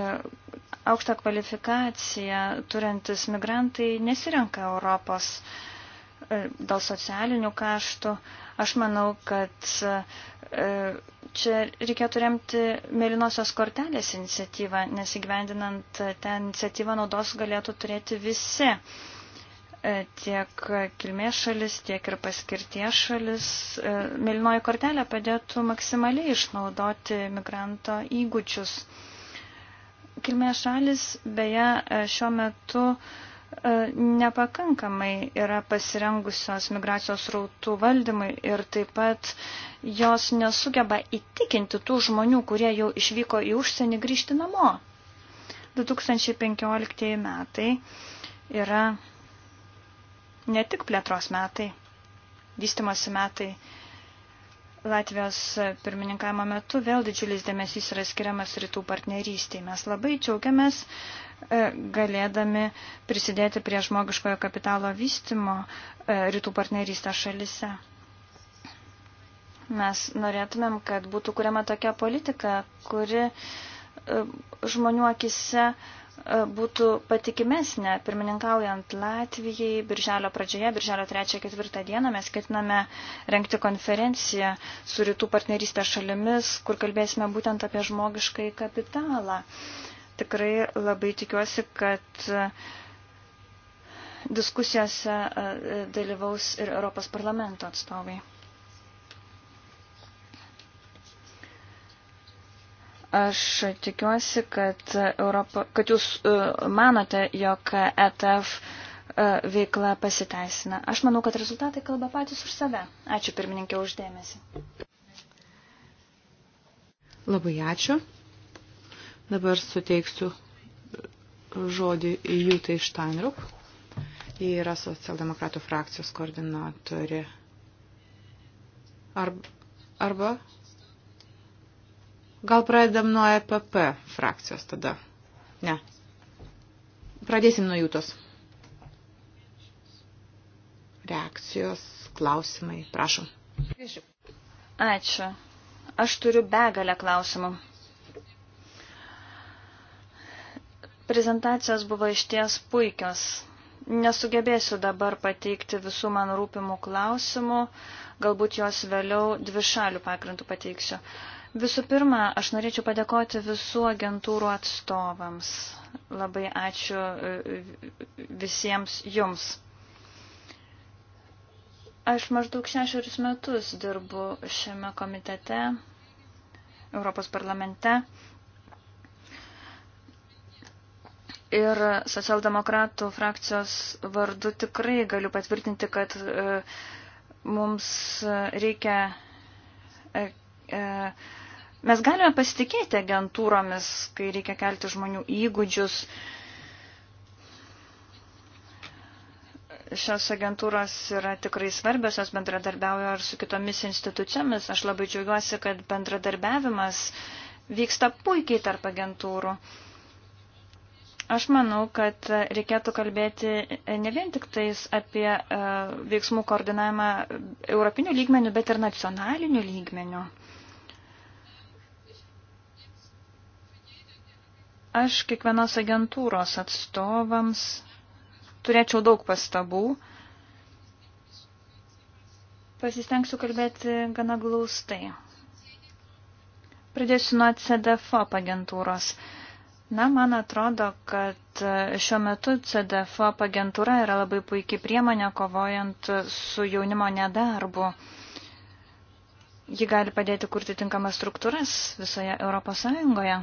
aukštą kvalifikaciją turintis migrantai nesirenka Europos. E, dėl socialinių kaštų. Aš manau, kad e, čia reikėtų remti Mėlynosios kortelės iniciatyvą, nes įgyvendinant tą iniciatyvą naudos galėtų turėti visi e, tiek kilmės šalis, tiek ir paskirties šalis. Mėlynoji kortelė padėtų maksimaliai išnaudoti migranto įgūdžius. Kilmės šalis beje šiuo metu uh, E, nepakankamai yra pasirengusios migracijos rautų valdymui ir taip pat jos nesugeba įtikinti tų žmonių, kurie jau išvyko į užsienį grįžti namo. 2015 metai yra ne tik plėtros metai, vystimosi metai, Latvijos pirmininkavimo metu vėl didžiulis dėmesys yra skiriamas rytų partnerystiai. Mes labai džiaugiamės e, galėdami prisidėti prie žmogiškojo kapitalo vystimo e, rytų partnerystę šalise. Mes norėtumėm, kad būtų kuriama tokia politika, kuri e, žmonių akise uh, E, būtų patikimesnė. Pirmininkaujant Latvijai, birželio pradžioje, birželio 3-4 dieną mes ketiname renkti konferenciją su rytų partnerystės šalimis, kur kalbėsime būtent apie žmogiškai kapitalą. Tikrai labai tikiuosi, kad e, diskusijose e, dalyvaus ir Europos parlamento atstovai. Aš tikiuosi, kad, Europo, kad jūs e, manote, jog ETF e, veikla pasiteisina. Aš manau, kad rezultatai kalba patys už save. Ačiū pirmininkė uždėmesi. Labai ačiū. Dabar suteiksiu žodį Jūtai Štainrup. Ji yra socialdemokratų frakcijos koordinatorė. Arba, arba Gal pradedam nuo EPP frakcijos tada? Ne. Pradėsim nuo jūtos. Reakcijos, klausimai, prašom. Ačiū. Aš turiu begalę klausimų. Prezentacijos buvo išties puikios. Nesugebėsiu dabar pateikti visų man rūpimų klausimų, galbūt juos vėliau dvi šalių pagrindų pateiksiu. Uh, Visų pirma, aš norėčiau padėkoti visų agentūrų atstovams. Labai ačiū e, visiems jums. Aš maždaug šešerius metus dirbu šiame komitete, Europos parlamente. Ir socialdemokratų frakcijos vardu tikrai galiu patvirtinti, kad e, mums reikia e, Mes galime pasitikėti agentūromis, kai reikia kelti žmonių įgūdžius. Šios agentūros yra tikrai svarbios, jos bendradarbiauja ar su kitomis institucijomis. Aš labai džiaugiuosi, kad bendradarbiavimas vyksta puikiai tarp agentūrų. Aš manau, kad reikėtų kalbėti ne vien tik tais apie e, veiksmų koordinavimą europinių lygmenių, bet ir nacionalinių lygmenių. Uh, Aš kiekvienos agentūros atstovams turėčiau daug pastabų. Pasistengsiu kalbėti gana glaustai. Pradėsiu nuo CDFOP agentūros. Na, man atrodo, kad šiuo metu CDFOP agentūra yra labai puikiai priemonė kovojant su jaunimo nedarbu. Ji gali padėti kurti tinkamas struktūras visoje Europos Sąjungoje.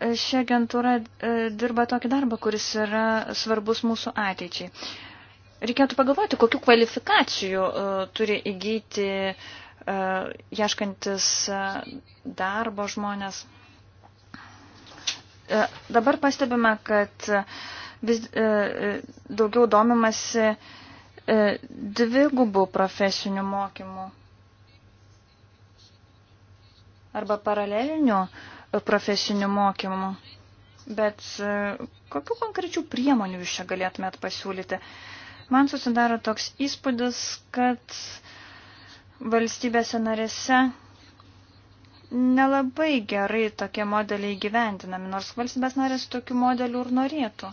ši agentūra e, dirba tokį darbą, kuris yra svarbus mūsų ateičiai. Reikėtų pagalvoti, kokiu kvalifikacijų e, turi įgyti e, ieškantis darbo žmonės. Dabar pastebime, kad vis daugiau domimasi dvigubų profesinių mokymų arba paralelinių uh, profesiniu mokymu. Bet e, kokiu konkrečių priemonių jūs čia galėtumėt pasiūlyti? Man susidaro toks įspūdis, kad valstybėse narėse nelabai gerai tokie modeliai gyventinami, nors valstybės narės tokių modelių ir norėtų.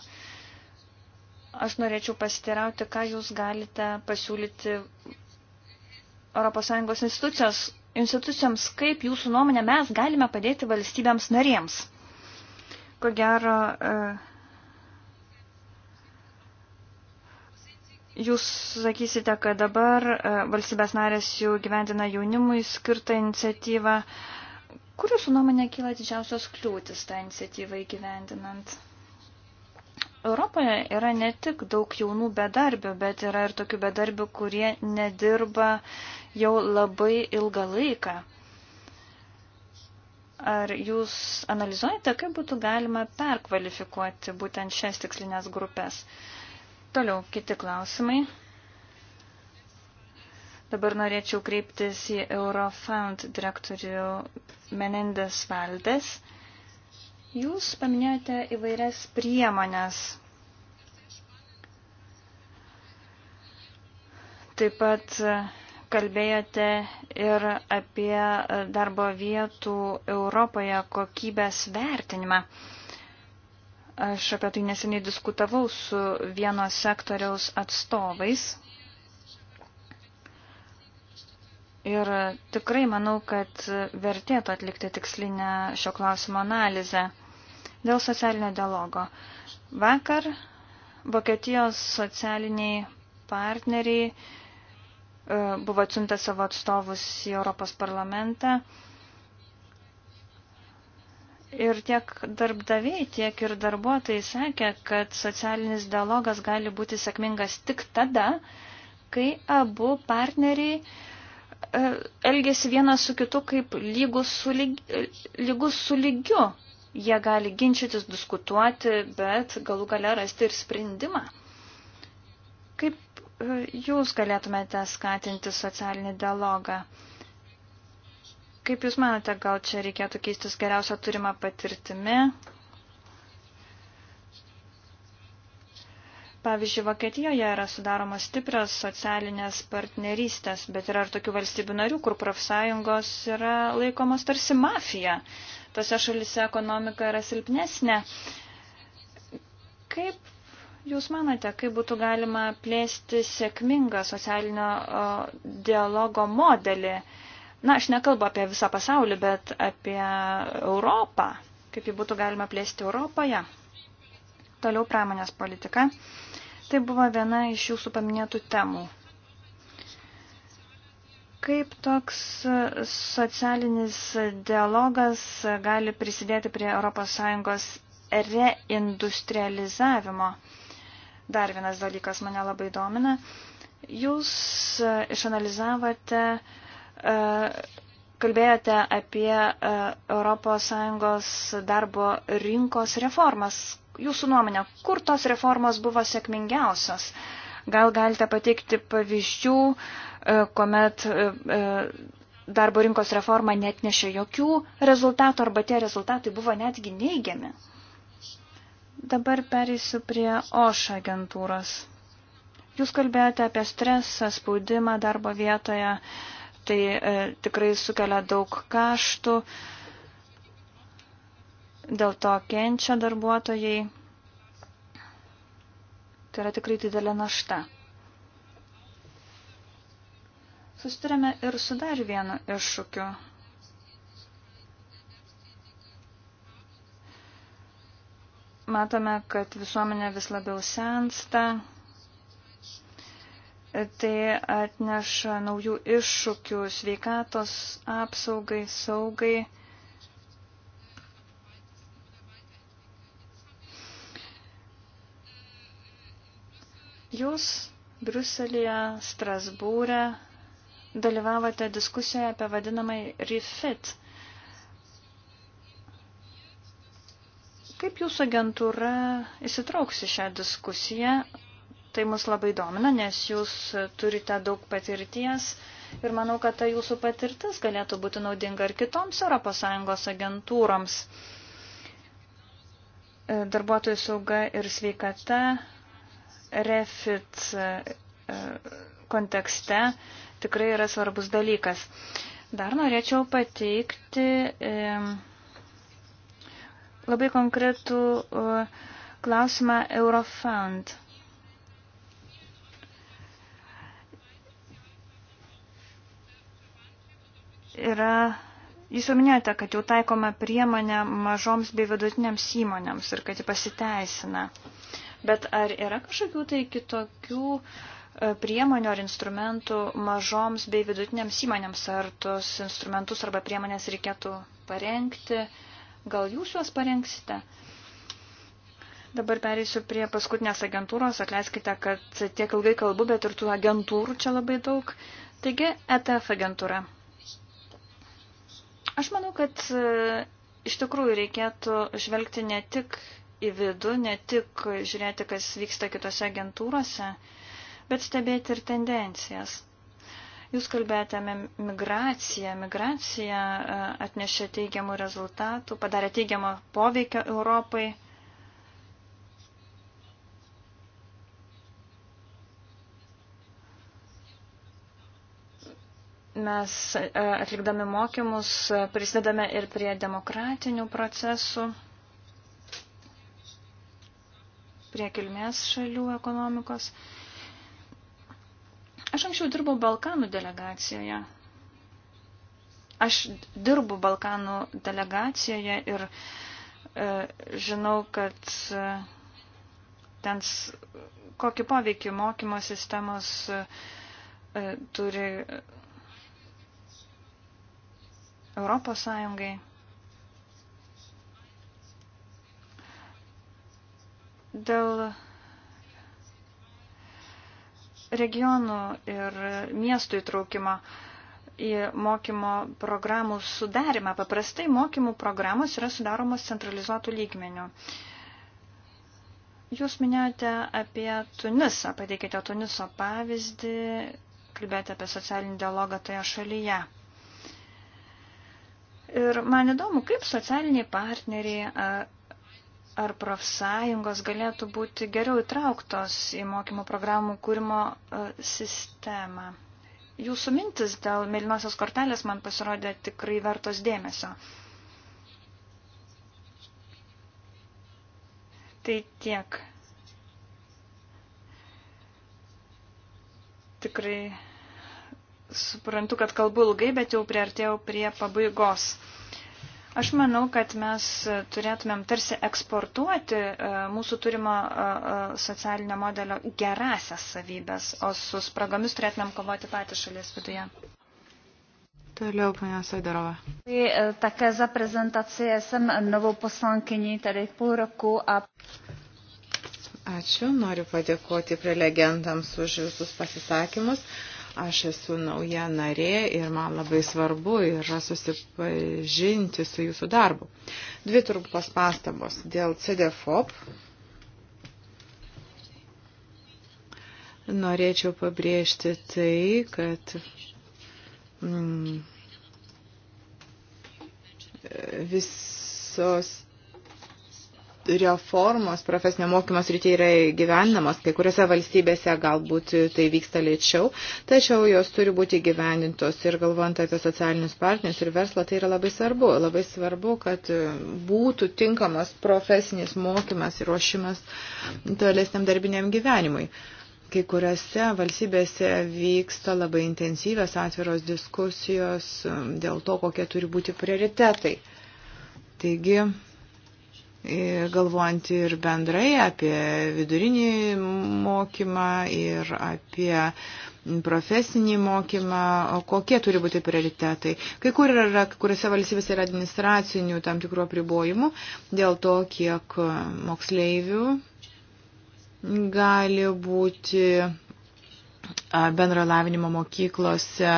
Aš norėčiau pasitirauti, ką jūs galite pasiūlyti ES institucijos institucijoms, kaip jūsų nuomonė mes galime padėti valstybėms narėms. Ko gero, e, Jūs sakysite, kad dabar e, valstybės narės jau gyvendina jaunimui skirtą iniciatyvą. Kur jūsų nuomonė kyla didžiausios kliūtis tą iniciatyvą įgyvendinant? Europoje yra ne tik daug jaunų bedarbių, bet yra ir tokių bedarbių, kurie nedirba jau labai ilgą laiką. Ar jūs analizuojate, kaip būtų galima perkvalifikuoti būtent šias tikslinės grupės? Toliau kiti klausimai. Dabar norėčiau kreiptis į Eurofund direktorių Menendės Valdės. Jūs paminėjote įvairias priemonės. Taip pat kalbėjote ir apie darbo vietų Europoje kokybės vertinimą. Aš apie tai neseniai diskutavau su vieno sektoriaus atstovais. Ir tikrai manau, kad vertėtų atlikti tikslinę šio klausimo analizę dėl socialinio dialogo. Vakar Vokietijos socialiniai partneriai E, buvo atsiuntę savo atstovus į Europos parlamentą. Ir tiek darbdaviai, tiek ir darbuotojai sakė, kad socialinis dialogas gali būti sėkmingas tik tada, kai abu partneriai e, elgesi vienas su kitu kaip lygus su, lyg, e, lygus su lygiu. Jie gali ginčytis, diskutuoti, bet galų gale rasti ir sprendimą jūs galėtumėte skatinti socialinį dialogą? Kaip Jūs manote, gal čia reikėtų keistis geriausia turima patirtimi? Pavyzdžiui, Vokietijoje yra sudaromos stiprios socialinės partnerystės, bet yra ir tokių valstybių narių, kur profsąjungos yra laikomos tarsi mafija. Tose šalise ekonomika yra silpnesnė. Kaip Jūs manote, kaip būtų galima plėsti sėkmingą socialinio dialogo modelį? Na, aš nekalbu apie visą pasaulį, bet apie Europą. Kaip jį būtų galima plėsti Europoje? Toliau pramonės politika. Tai buvo viena iš jūsų paminėtų temų. Kaip toks socialinis dialogas gali prisidėti prie ES reindustrializavimo? Dar vienas dalykas mane labai domina. Jūs e, išanalizavote, e, kalbėjote apie ES darbo rinkos reformas. Jūsų nuomonė, kur tos reformos buvo sėkmingiausios? Gal galite pateikti pavyzdžių, e, kuomet darbo rinkos reforma net nešė jokių rezultatų arba tie rezultatai buvo netgi neigiami? Dabar pereisiu prie OŠ agentūros. Jūs kalbėjote apie stresą, spaudimą darbo vietoje, tai e, tikrai sukelia daug kaštų, dėl to kenčia darbuotojai. Tai yra tikrai didelė našta. Sustarėme ir su dar vienu iššūkiu matome, kad visuomenė vis labiau sensta. Tai atneša naujų iššūkių sveikatos apsaugai, saugai. Jūs Bruselėje, Strasbūrė dalyvavote diskusijoje apie vadinamąjį refit Kaip jūsų agentūra įsitrauks į šią diskusiją? Tai mus labai domina, nes jūs turite daug patirties ir manau, kad ta jūsų patirtis galėtų būti naudinga ir kitoms ES agentūroms. E, darbuotojų sauga ir sveikata refit e, kontekste tikrai yra svarbus dalykas. Dar norėčiau pateikti. E, labai konkretų e, klausimą Eurofund. Yra, jūs jau minėjote, kad jau taikoma priemonė mažoms bei vidutinėms įmonėms ir kad ji pasiteisina. Bet ar yra kažkokių tai kitokių e, priemonių ar instrumentų mažoms bei vidutinėms įmonėms? Ar tos instrumentus arba priemonės reikėtų parengti? Uh, Gal jūs juos parengsite? Dabar pereisiu prie paskutinės agentūros. Atleiskite, kad tiek ilgai kalbu, bet ir tų agentūrų čia labai daug. Taigi, ETF agentūra. Aš manau, kad e, iš tikrųjų reikėtų žvelgti ne tik į vidų, ne tik žiūrėti, kas vyksta kitose agentūrose, bet stebėti ir tendencijas. Jūs kalbėjote apie migraciją. Migracija e, atnešė teigiamų rezultatų, padarė teigiamą poveikio Europai. Mes e, atlikdami mokymus e, prisidedame ir prie demokratinių procesų, prie kilmės šalių ekonomikos. Aš anksčiau dirbau Balkanų delegacijoje. Aš dirbu Balkanų delegacijoje ir e, žinau, kad e, ten kokį poveikį mokymo sistemos e, turi Europos Sąjungai. Dėl regionų ir miestų įtraukimo į mokymo programų sudarimą. Paprastai mokymų programos yra sudaromos centralizuotų lygmenių. Jūs minėjote apie Tunisą, pateikite Tuniso pavyzdį, kalbėjote apie socialinį dialogą toje šalyje. Ir man įdomu, kaip socialiniai partneriai ar profsąjungos galėtų būti geriau įtrauktos į mokymo programų kūrimo e, sistemą. Jūsų mintis dėl mėlynosios kortelės man pasirodė tikrai vertos dėmesio. Tai tiek. Tikrai suprantu, kad kalbu ilgai, bet jau priartėjau prie pabaigos. Aš manau, kad mes turėtumėm tarsi eksportuoti e, mūsų turimo e, e, socialinio modelio gerasias savybės, o su spragomis turėtumėm kovoti patys šalies viduje. Toliau, paní Sajdarova. Také za prezentaci jsem novou poslankyní tady půl roku a... Ačiū, noriu padėkoti prelegentams už visus pasisakymus. Uh, Aš esu nauja narė ir man labai svarbu yra susipažinti su jūsų darbu. Dvi trumpos pastabos dėl CDFOP. Norėčiau pabrėžti tai, kad mm, visos reformos profesinio mokymo srityje yra gyvenamos, kai kuriuose valstybėse galbūt tai vyksta lėčiau, tačiau jos turi būti gyvenintos ir galvojant apie socialinius partnerius ir verslą, tai yra labai svarbu. Labai svarbu, kad būtų tinkamas profesinis mokymas ir ruošimas tolesniam darbiniam gyvenimui. Kai kuriuose valstybėse vyksta labai intensyvės atviros diskusijos dėl to, kokie turi būti prioritetai. Taigi, E, galvojant ir bendrai apie vidurinį mokymą ir apie profesinį mokymą, kokie turi būti prioritetai. Kai kur yra, kuriuose valstybėse yra administracinių tam tikrų apribojimų dėl to, kiek moksleivių gali būti bendro lavinimo mokyklose,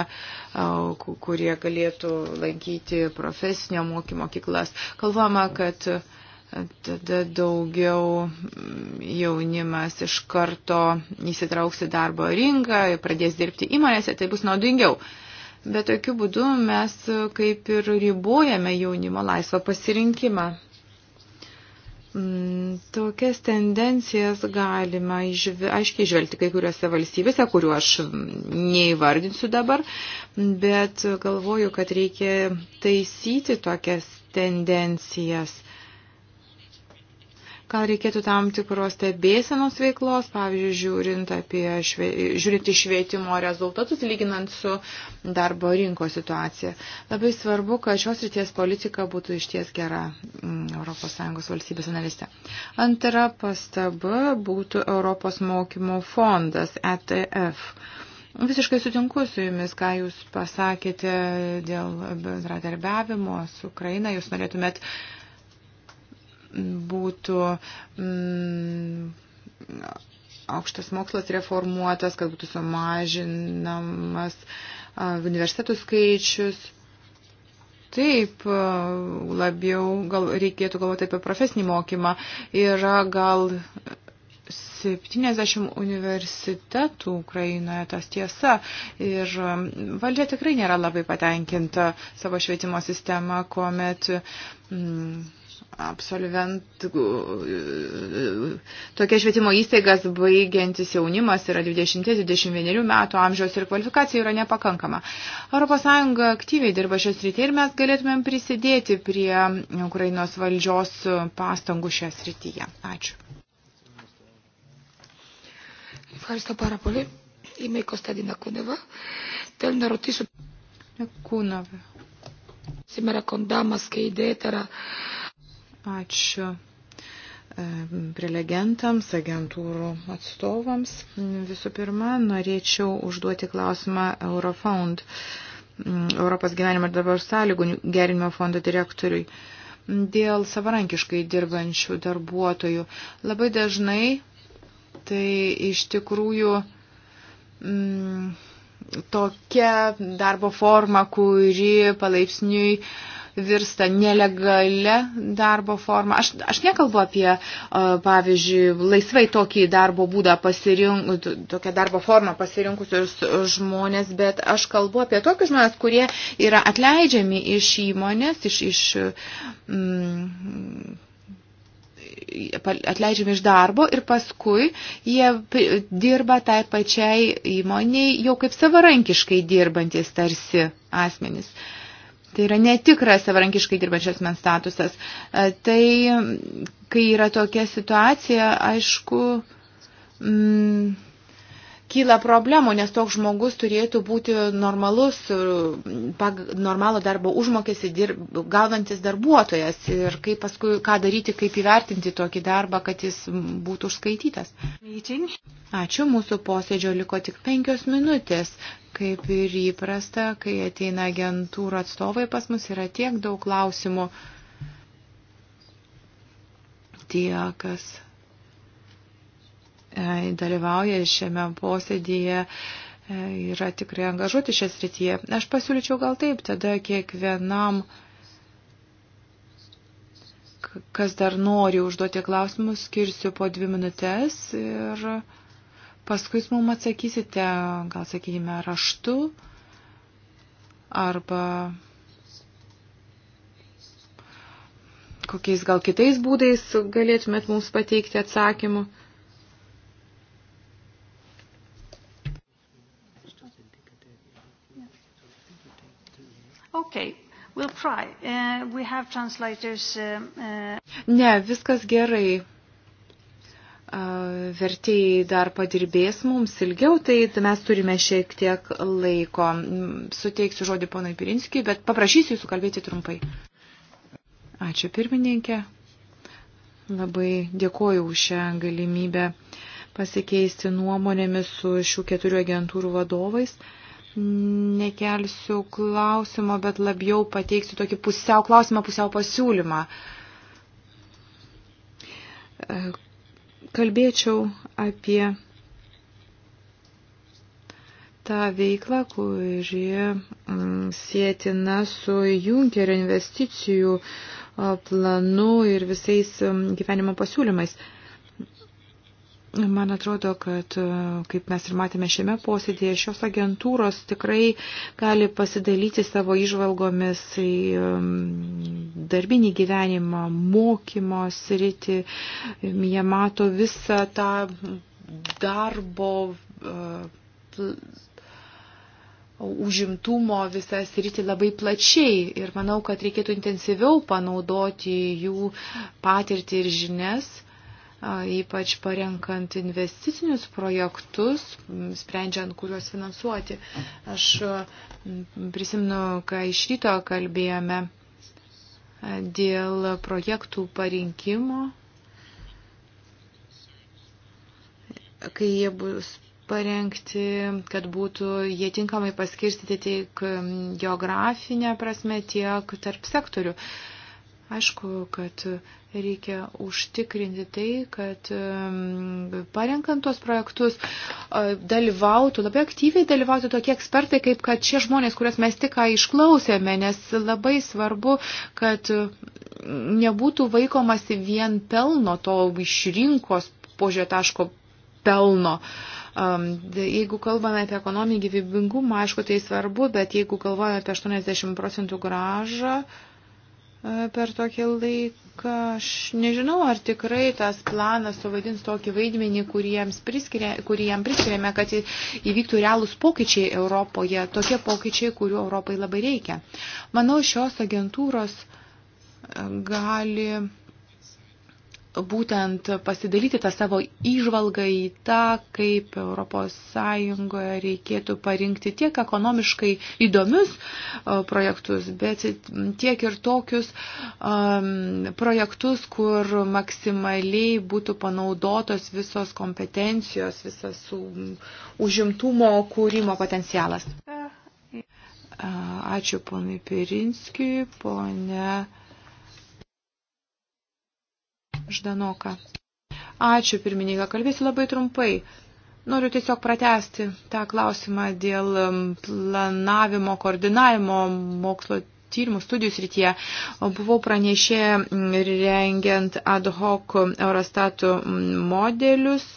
kurie galėtų lankyti profesinio mokymo mokyklas. Kalbama, kad tada daugiau jaunimas iš karto įsitrauks į darbo rinką, pradės dirbti įmonėse, tai bus naudingiau. Bet tokiu būdu mes kaip ir ribojame jaunimo laisvą pasirinkimą. Mm, tokias tendencijas galima išve, aiškiai žvelgti kai kuriuose valstybėse, kuriuo aš neįvardinsiu dabar, bet galvoju, kad reikia taisyti tokias tendencijas Gal reikėtų tam tikros stebėsenos veiklos, pavyzdžiui, žiūrint, apie šve, žiūrint į švietimo rezultatus, lyginant su darbo rinkos situacija. Labai svarbu, kad šios ryties politika būtų išties gera mm, ES valstybės analiste. Antra pastaba būtų Europos mokymo fondas, ETF. Visiškai sutinku su jumis, ką jūs pasakėte dėl bendradarbiavimo su Ukraina. Jūs norėtumėt būtų. Mm, aukštas mokslas reformuotas, kad būtų sumažinamas universitetų skaičius. Taip, labiau gal reikėtų galvoti apie profesinį mokymą. Yra gal 70 universitetų Ukrainoje, tas tiesa. Ir valdžia tikrai nėra labai patenkinta savo švietimo sistema, kuomet. Mm, absolventų, tokia švietimo įstaigas baigiantis jaunimas yra 20-21 metų amžiaus ir kvalifikacija yra nepakankama. ES aktyviai dirba šios rytį ir mes galėtumėm prisidėti prie Ukrainos valdžios pastangų šią srityje. Ačiū. Ευχαριστώ πάρα πολύ. Είμαι η Κωνσταντίνα Κούνεβα. Θέλω να ρωτήσω... Κούναβε. Σήμερα κοντά μας και ιδιαίτερα Ačiū e, prelegentams, agentūrų atstovams. Visų pirma, norėčiau užduoti klausimą Eurofound, Europos gyvenimo ir dabar sąlygų gerinimo fondo direktoriui. Dėl savarankiškai dirbančių darbuotojų labai dažnai tai iš tikrųjų mm, tokia darbo forma, kuri palaipsniui uh, virsta nelegale darbo forma. Aš, aš nekalbu apie, pavyzdžiui, laisvai tokį darbo būdą pasirink, tokią darbo formą pasirinkusius žmonės, bet aš kalbu apie tokius žmonės, kurie yra atleidžiami iš įmonės, iš, iš mm, atleidžiami iš darbo ir paskui jie dirba tai pačiai įmoniai jau kaip savarankiškai dirbantis tarsi asmenys. Uh, Tai yra netikras savarankiškai dirbančios men statusas. E, tai, kai yra tokia situacija, aišku, mm, kyla problemų, nes toks žmogus turėtų būti normalus, pag, normalo darbo užmokėsi dirb, gaunantis darbuotojas ir kaip paskui, ką daryti, kaip įvertinti tokį darbą, kad jis būtų užskaitytas. Meeting. Ačiū, mūsų posėdžio liko tik penkios minutės. Kaip ir įprasta, kai ateina agentūrų atstovai pas mus, yra tiek daug klausimų. Tie, kas e, dalyvauja šiame posėdėje, e, yra tikrai angažuoti šią srityje. Aš pasiūlyčiau gal taip, tada kiekvienam, kas dar nori užduoti klausimus, skirsiu po dvi minutės ir Paskui jūs mums atsakysite, gal sakykime, raštu arba kokiais gal kitais būdais galėtumėt mums pateikti atsakymų. Okay. We'll try. Uh, we have translators. Uh, uh... Ne, viskas gerai vertėjai dar padirbės mums ilgiau, tai mes turime šiek tiek laiko. Suteiksiu žodį ponai Pirinskijui, bet paprašysiu jūsų kalbėti trumpai. Ačiū pirmininkė. Labai dėkoju už šią galimybę pasikeisti nuomonėmis su šių keturių agentūrų vadovais. Nekelsiu klausimo, bet labiau pateiksiu tokį pusiau klausimą, pusiau pasiūlymą kalbėčiau apie tą veiklą, kuri mm, sėtina su Junkerio investicijų planu ir visais mm, gyvenimo pasiūlymais. Man atrodo, kad, e, kaip mes ir matėme šiame posėdėje, šios agentūros tikrai gali pasidalyti savo išvalgomis į e, darbinį gyvenimą, mokymo sritį. Jie mato visą tą darbo e, užimtumo visą sritį labai plačiai ir manau, kad reikėtų intensyviau panaudoti jų patirtį ir žinias ypač parenkant investicinius projektus, sprendžiant, kuriuos finansuoti. Aš prisimenu, ką iš ryto kalbėjome dėl projektų parinkimo, kai jie bus parengti, kad būtų jie tinkamai paskirstyti tiek geografinę prasme, tiek tarp sektorių. Aišku, kad reikia užtikrinti tai, kad parenkant tos projektus dalyvautų, labai aktyviai dalyvautų tokie ekspertai, kaip kad šie žmonės, kuriuos mes tik ką išklausėme, nes labai svarbu, kad nebūtų vaikomasi vien pelno to iš rinkos požiūrio taško pelno. Jeigu kalbame apie ekonominį gyvybingumą, aišku, tai svarbu, bet jeigu kalbame apie 80 procentų gražą e, per tokį laiką, aš nežinau, ar tikrai tas planas suvaidins tokį vaidmenį, kurį jam priskiriame, kad įvyktų realūs pokyčiai Europoje, tokie pokyčiai, kurių Europai labai reikia. Manau, šios agentūros e, gali būtent pasidalyti tą savo įžvalgą į tą, kaip Europos Sąjungoje reikėtų parinkti tiek ekonomiškai įdomius projektus, bet tiek ir tokius um, projektus, kur maksimaliai būtų panaudotos visos kompetencijos, visas užimtumo kūrimo potencialas. Ačiū ponai Pirinskiui, ponė. Ždanoka. Ačiū, pirmininką. Kalbėsiu labai trumpai. Noriu tiesiog pratesti tą klausimą dėl um, planavimo, koordinavimo mokslo tyrimų studijų srityje. Buvau pranešė rengiant ad hoc Eurostatų modelius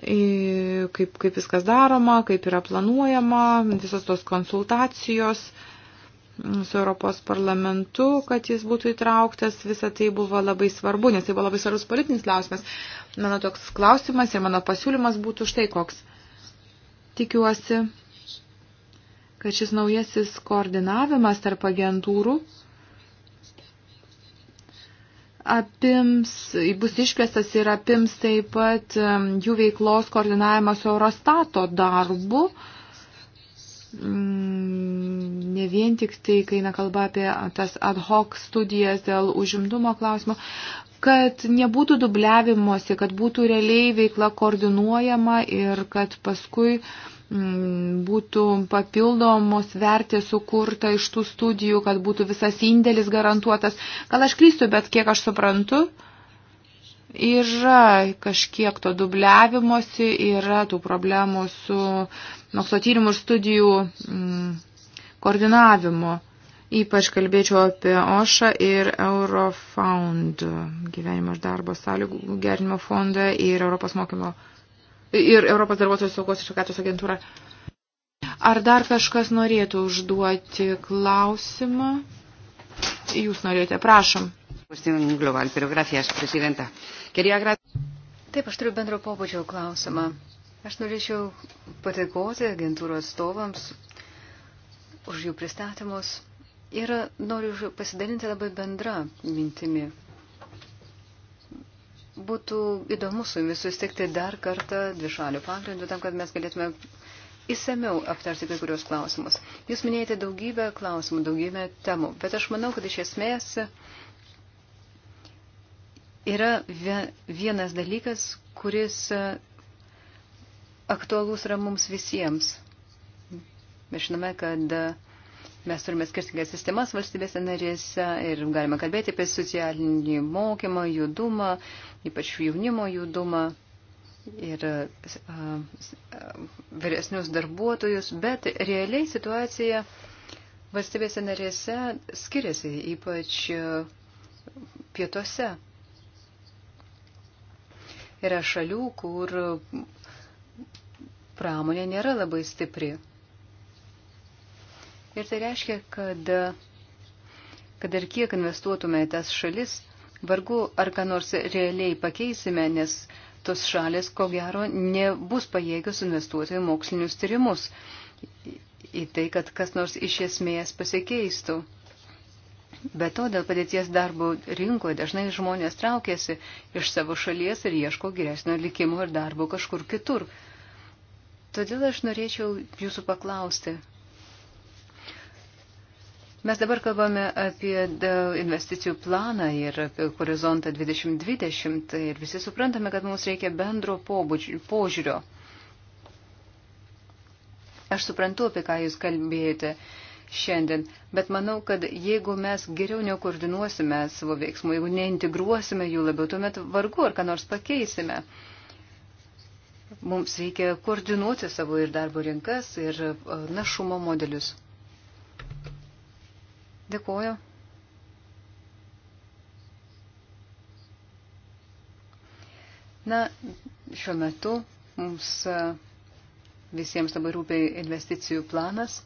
kaip, kaip viskas daroma, kaip yra planuojama, visos tos konsultacijos. Uh, su Europos parlamentu, kad jis būtų įtrauktas, visa tai buvo labai svarbu, nes tai buvo labai svarbus politinis klausimas. Mano toks klausimas ir mano pasiūlymas būtų štai koks. Tikiuosi, kad šis naujasis koordinavimas tarp agentūrų apims, bus išplėstas ir apims taip pat um, jų veiklos koordinavimas Eurostato darbu, uh, Mm, ne vien tik tai, kai eina kalba apie tas ad hoc studijas dėl užimtumo klausimo, kad nebūtų dubliavimuose, kad būtų realiai veikla koordinuojama ir kad paskui mm, būtų papildomos vertės sukurta iš tų studijų, kad būtų visas indėlis garantuotas. Gal aš klystu, bet kiek aš suprantu, yra kažkiek to dubliavimosi, yra tų problemų su uh, mokslo tyrimų ir studijų mm, koordinavimu. Ypač kalbėčiau apie OŠA ir Eurofound gyvenimo ir darbo sąlygų gerinimo fondą ir Europos mokymo ir Europos darbuotojų saugos ir sveikatos agentūrą. Ar dar kažkas norėtų užduoti klausimą? Jūs norėjote, prašom. Global, pero gracias, presidenta. Quería... Taip, aš turiu bendro pobūdžio klausimą. Aš norėčiau patikoti agentūrų atstovams už jų pristatymus ir noriu pasidalinti labai bendrą mintimi. Būtų įdomu su jumis susitikti dar kartą dvišalių pagrindų tam, kad mes galėtume įsameu aptarti kai kurios klausimus. Jūs minėjote daugybę klausimų, daugybę temų, bet aš manau, kad iš esmės yra vienas dalykas, kuris aktualus yra mums visiems. Mes žinome, kad mes turime skirtingas sistemas valstybėse narėse ir galime kalbėti apie socialinį mokymą, judumą, ypač jaunimo judumą ir vyresnius darbuotojus, bet realiai situacija valstybėse narėse skiriasi, ypač pietuose. Yra šalių, kur pramonė nėra labai stipri. Ir tai reiškia, kad, kad ir kiek investuotume į tas šalis, vargu ar ką nors realiai pakeisime, nes tos šalis, ko gero, nebus pajėgios investuoti į mokslinius tyrimus, į tai, kad kas nors iš esmės pasikeistų. Be to, dėl padėties darbo rinkoje dažnai žmonės traukiasi iš savo šalies ir ieško geresnio likimo ir darbo kažkur kitur. Todėl aš norėčiau jūsų paklausti. Mes dabar kalbame apie e, investicijų planą ir apie horizontą 2020 ir visi suprantame, kad mums reikia bendro požiūrio. Aš suprantu, apie ką jūs kalbėjote šiandien, bet manau, kad jeigu mes geriau nekoordinuosime savo veiksmų, jeigu neintegruosime jų labiau, tuomet vargu ar ką nors pakeisime. Uh, Mums reikia koordinuoti savo ir darbo rinkas, ir e, našumo modelius. Dėkuoju. Na, šiuo metu mums e, visiems labai rūpia investicijų planas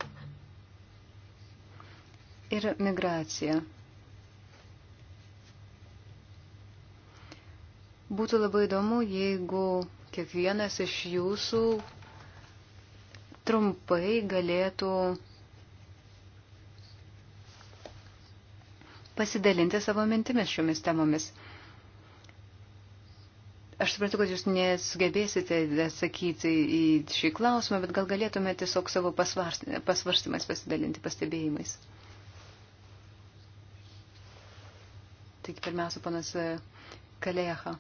ir migracija. Būtų labai įdomu, jeigu kiekvienas iš jūsų trumpai galėtų pasidalinti savo mintimis šiomis temomis. Aš suprantu, kad jūs nesugebėsite atsakyti į šį klausimą, bet gal galėtume tiesiog savo pasvarstymais pasidalinti, pastebėjimais. Taigi pirmiausia, panas Kalėja.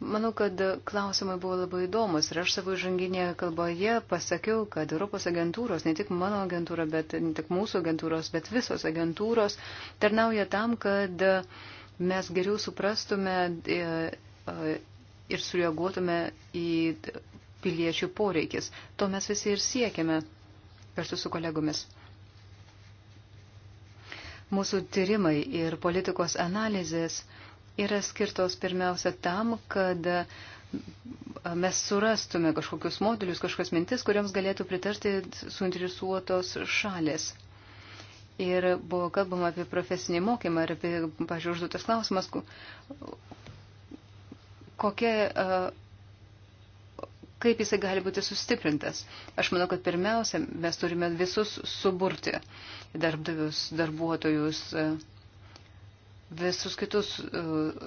Manau, kad klausimai buvo labai įdomus ir aš savo žanginėje kalboje pasakiau, kad Europos agentūros, ne tik mano agentūra, bet ne tik mūsų agentūros, bet visos agentūros tarnauja tam, kad mes geriau suprastume e, e, ir sureaguotume į piliečių poreikis. To mes visi ir siekiame kartu su kolegomis. Mūsų tyrimai ir politikos analizės yra skirtos pirmiausia tam, kad mes surastume kažkokius modelius, kažkokias mintis, kuriams galėtų pritarti suinteresuotos šalės. Ir buvo kalbama apie profesinį mokymą ir apie, pažiūrėjau, užduotas klausimas, kokia, kaip jisai gali būti sustiprintas. Aš manau, kad pirmiausia, mes turime visus suburti darbdavius, darbuotojus, darbuotojus visus kitus e,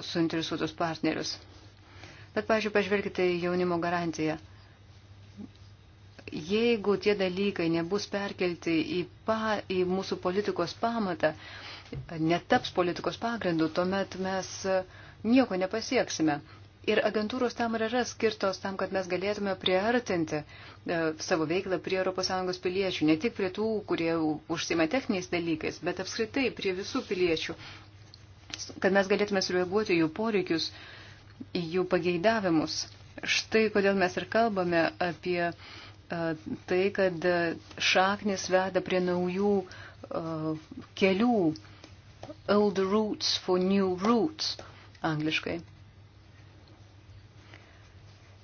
suinteresuotus partnerius. Bet, pažiūrėjau, pažvelkite į jaunimo garantiją. Jeigu tie dalykai nebus perkelti į, pa, į mūsų politikos pamatą, netaps politikos pagrindu, tuomet mes e, nieko nepasieksime. Ir agentūros tam ir yra skirtos tam, kad mes galėtume priartinti e, savo veiklą prie ES piliečių, ne tik prie tų, kurie užsima techniniais dalykais, bet apskritai prie visų piliečių kad mes galėtume sureaguoti jų poreikius, jų pageidavimus. Štai kodėl mes ir kalbame apie e, tai, kad šaknis veda prie naujų e, kelių, old roots for new roots angliškai.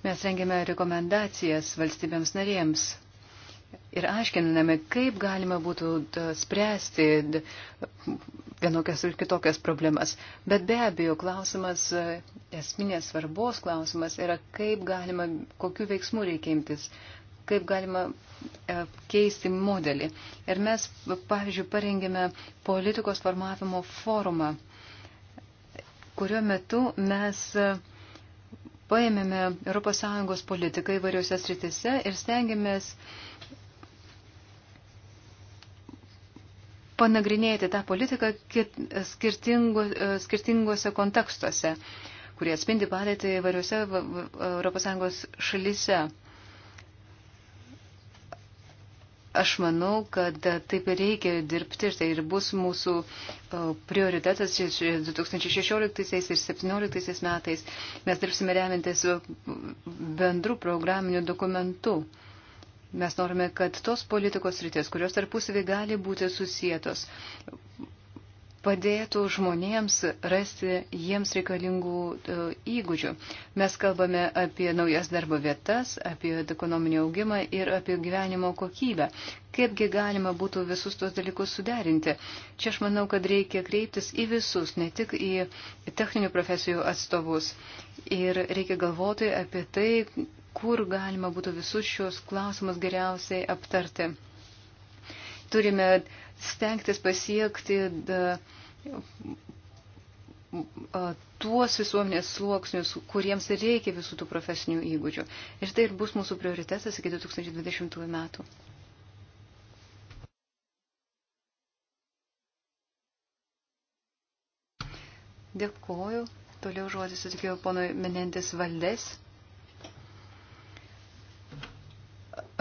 Mes rengiame rekomendacijas valstybėms narėms ir aiškiname, kaip galima būtų e, spręsti vienokias ir kitokias problemas. Bet be abejo, klausimas, e, esminės svarbos klausimas yra, kaip galima, kokiu veiksmu reikia imtis, kaip galima e, keisti modelį. Ir mes, pavyzdžiui, parengėme politikos formavimo forumą, kurio metu mes e, paėmėme ES politiką įvairiose sritise ir stengiamės panagrinėti tą politiką kit, skirtingu, e, skirtinguose kontekstuose, kurie atspindi padėtį įvairiuose ES šalyse. Aš manau, kad taip ir reikia dirbti ir tai ir bus mūsų e, prioritetas 2016 ir 2017 metais. Mes dirbsime remintis bendrų programinių dokumentų. Mes norime, kad tos politikos rytis, kurios tarpusavį gali būti susijėtos, padėtų žmonėms rasti jiems reikalingų e, įgūdžių. Mes kalbame apie naujas darbo vietas, apie ekonominį augimą ir apie gyvenimo kokybę. Kaipgi galima būtų visus tos dalykus suderinti? Čia aš manau, kad reikia kreiptis į visus, ne tik į techninių profesijų atstovus. Ir reikia galvoti apie tai, kur galima būtų visus šios klausimus geriausiai aptarti. Turime stengtis pasiekti da, tuos visuomenės sluoksnius, kuriems reikia visų tų profesinių įgūdžių. Ir tai ir bus mūsų prioritetas iki 2020 metų. Dėkuoju. Toliau žodis sutikėjo ponui Menendis Valdės.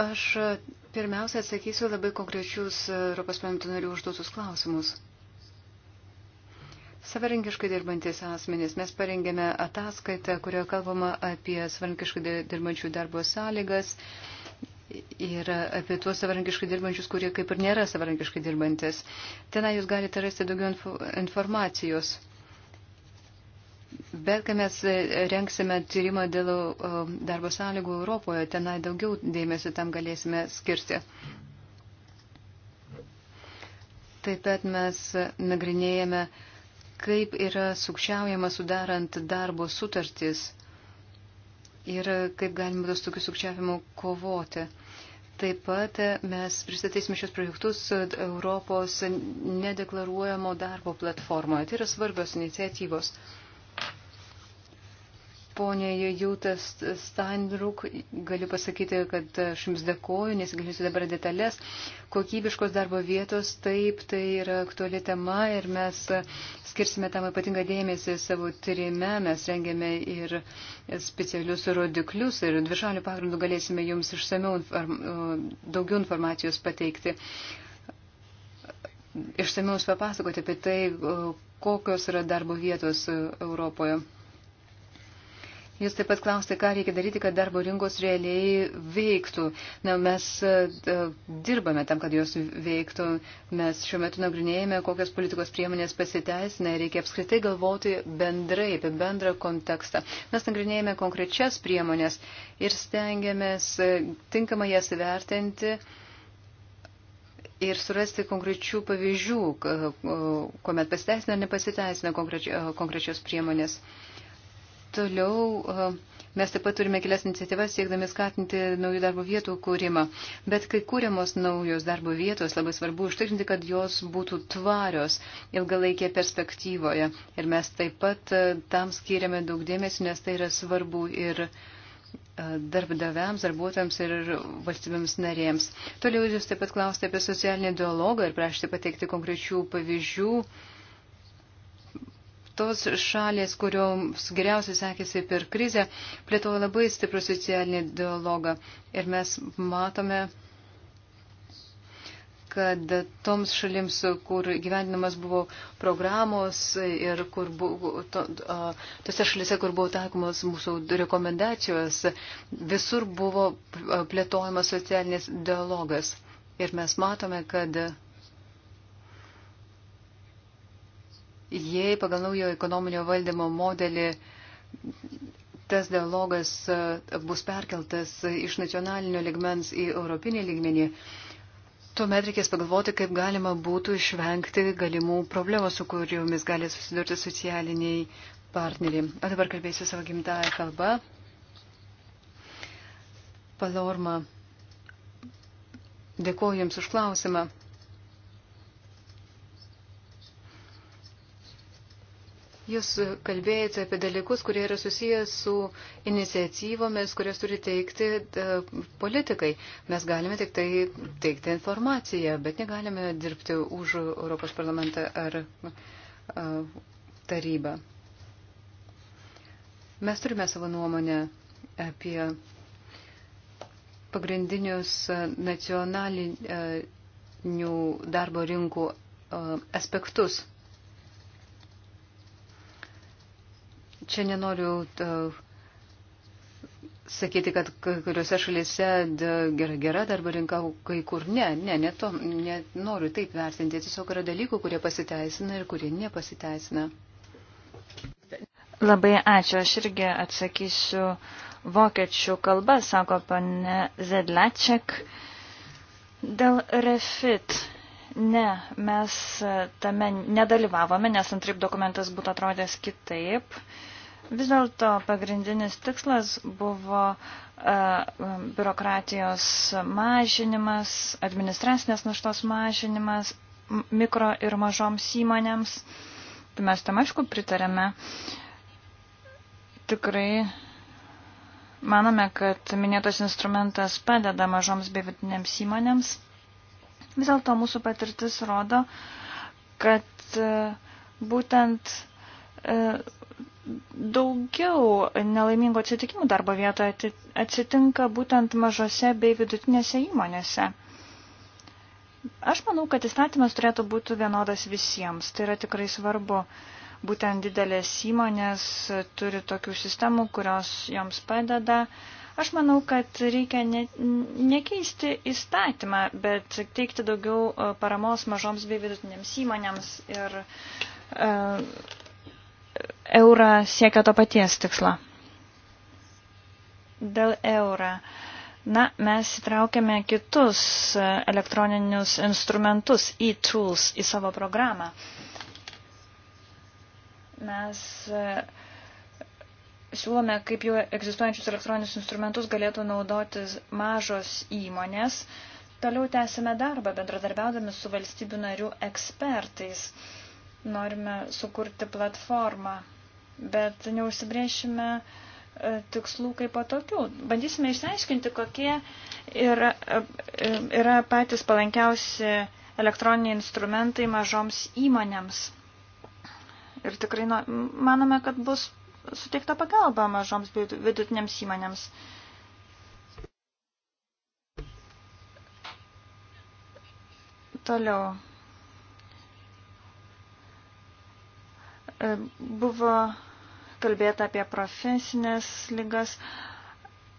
Aš pirmiausia atsakysiu labai konkrečius Europos parlamento narių užduotus klausimus. Savarankiškai dirbantis asmenys. Mes parengėme ataskaitą, kurioje kalbama apie savarankiškai dirbančių darbo sąlygas ir apie tuos savarankiškai dirbančius, kurie kaip ir nėra savarankiškai dirbantis. Ten jūs galite rasti daugiau informacijos. Bet kai mes e, renksime tyrimą dėl e, darbo sąlygų Europoje, tenai daugiau dėmesio tam galėsime skirti. Taip pat mes nagrinėjame, kaip yra sukčiaujama sudarant darbo sutartis ir kaip galima tos tokių sukčiavimų kovoti. Taip pat mes pristatysime šios projektus Europos nedeklaruojamo darbo platformoje. Tai yra svarbios iniciatyvos. Pone Jūtas Steinruk, galiu pasakyti, kad aš Jums dėkoju, nesigilinsiu dabar detalės. Kokybiškos darbo vietos, taip, tai yra aktuali tema ir mes skirsime tam ypatingą dėmesį savo tyrime. Mes rengiame ir specialius rodiklius ir dvišalių pagrindų galėsime Jums išsameu daugiau informacijos pateikti. Išsamiau papasakoti apie tai, kokios yra darbo vietos Europoje. Jūs taip pat klausite, ką reikia daryti, kad darbo rinkos realiai veiktų. Na, mes e, e, dirbame tam, kad jos veiktų. Mes šiuo metu nagrinėjame, kokios politikos priemonės pasiteisina. Reikia apskritai galvoti bendrai apie bendrą kontekstą. Mes nagrinėjame konkrečias priemonės ir stengiamės e, tinkamai jas įvertinti. Ir surasti konkrečių pavyzdžių, kuomet pasiteisina ar nepasiteisina konkrečios priemonės. Uh, Toliau e, mes taip pat turime kelias iniciatyvas siekdami skatinti naujų darbo vietų kūrimą. Bet kai kūriamos naujos darbo vietos, labai svarbu užtikrinti, kad jos būtų tvarios ilgalaikėje perspektyvoje. Ir mes taip pat e, tam skiriame daug dėmesio, nes tai yra svarbu ir e, darbdaviams, darbuotojams ir valstybėms narėms. Toliau jūs taip pat klausite apie socialinį dialogą ir prašyti pateikti konkrečių pavyzdžių tos šalės, kurioms geriausiai sekėsi per krizę, plėtojo labai stiprų socialinį dialogą. Ir mes matome, kad toms šalims, kur gyvenimas buvo programos ir kur buvo, to, tose šalise, kur buvo taikomos mūsų rekomendacijos, visur buvo plėtojamas socialinis dialogas. Ir mes matome, kad jei pagal naujo ekonominio valdymo modelį tas dialogas e, bus perkeltas iš nacionalinio ligmens į europinį lygmenį, tuomet reikės pagalvoti, kaip galima būtų išvengti galimų problemų, su kuriomis gali susidurti socialiniai partneriai. O dabar kalbėsiu savo gimtają kalbą. Palorma, dėkoju Jums už klausimą. Jūs kalbėjote apie dalykus, kurie yra susijęs su iniciatyvomis, kurias turi teikti e, politikai. Mes galime tik tai teikti informaciją, bet negalime dirbti už Europos parlamentą ar e, tarybą. Mes turime savo nuomonę apie pagrindinius nacionalinių darbo rinkų e, aspektus Čia nenoriu e, sakyti, kad kuriuose šalyse e, gera, gera darbo rinka, kai kur ne. Ne, ne to, nenoriu taip vertinti. Tiesiog yra dalykų, kurie pasiteisina ir kurie nepasiteisina. Labai ačiū. Aš irgi atsakysiu vokiečių kalba, sako pane Zedlaček. Dėl refit. Ne, mes tame nedalyvavome, nes antraip dokumentas būtų atrodęs kitaip. Uh, Vis dėlto pagrindinis tikslas buvo e, biurokratijos mažinimas, administracinės naštos mažinimas mikro ir mažoms įmonėms. Tai mes tam aišku pritarėme. Tikrai manome, kad minėtas instrumentas padeda mažoms bei vidinėms įmonėms. Vis dėlto mūsų patirtis rodo, kad e, būtent E, daugiau nelaimingų atsitikimų darbo vietoje atsitinka būtent mažose bei vidutinėse įmonėse. Aš manau, kad įstatymas turėtų būti vienodas visiems. Tai yra tikrai svarbu. Būtent didelės įmonės turi tokių sistemų, kurios joms padeda. Aš manau, kad reikia ne, nekeisti įstatymą, bet teikti daugiau e, paramos mažoms bei vidutinėms įmonėms ir e, eurą siekia to paties tikslo. Dėl eurą. Na, mes įtraukėme kitus e, elektroninius instrumentus, e-tools, į savo programą. Mes e, siūlome, kaip jau egzistuojančius elektroninius instrumentus galėtų naudotis mažos įmonės. Toliau tęsime darbą, bendradarbiaudami su valstybių narių ekspertais. Uh, norime sukurti platformą, bet neužsibriešime e, tikslų kaip po tokių. Bandysime išsiaiškinti, kokie yra, e, e, yra patys palankiausi elektroniniai instrumentai mažoms įmonėms. Ir tikrai manome, kad bus suteikta pagalba mažoms vidutinėms įmonėms. Toliau. E, buvo kalbėta apie profesinės lygas.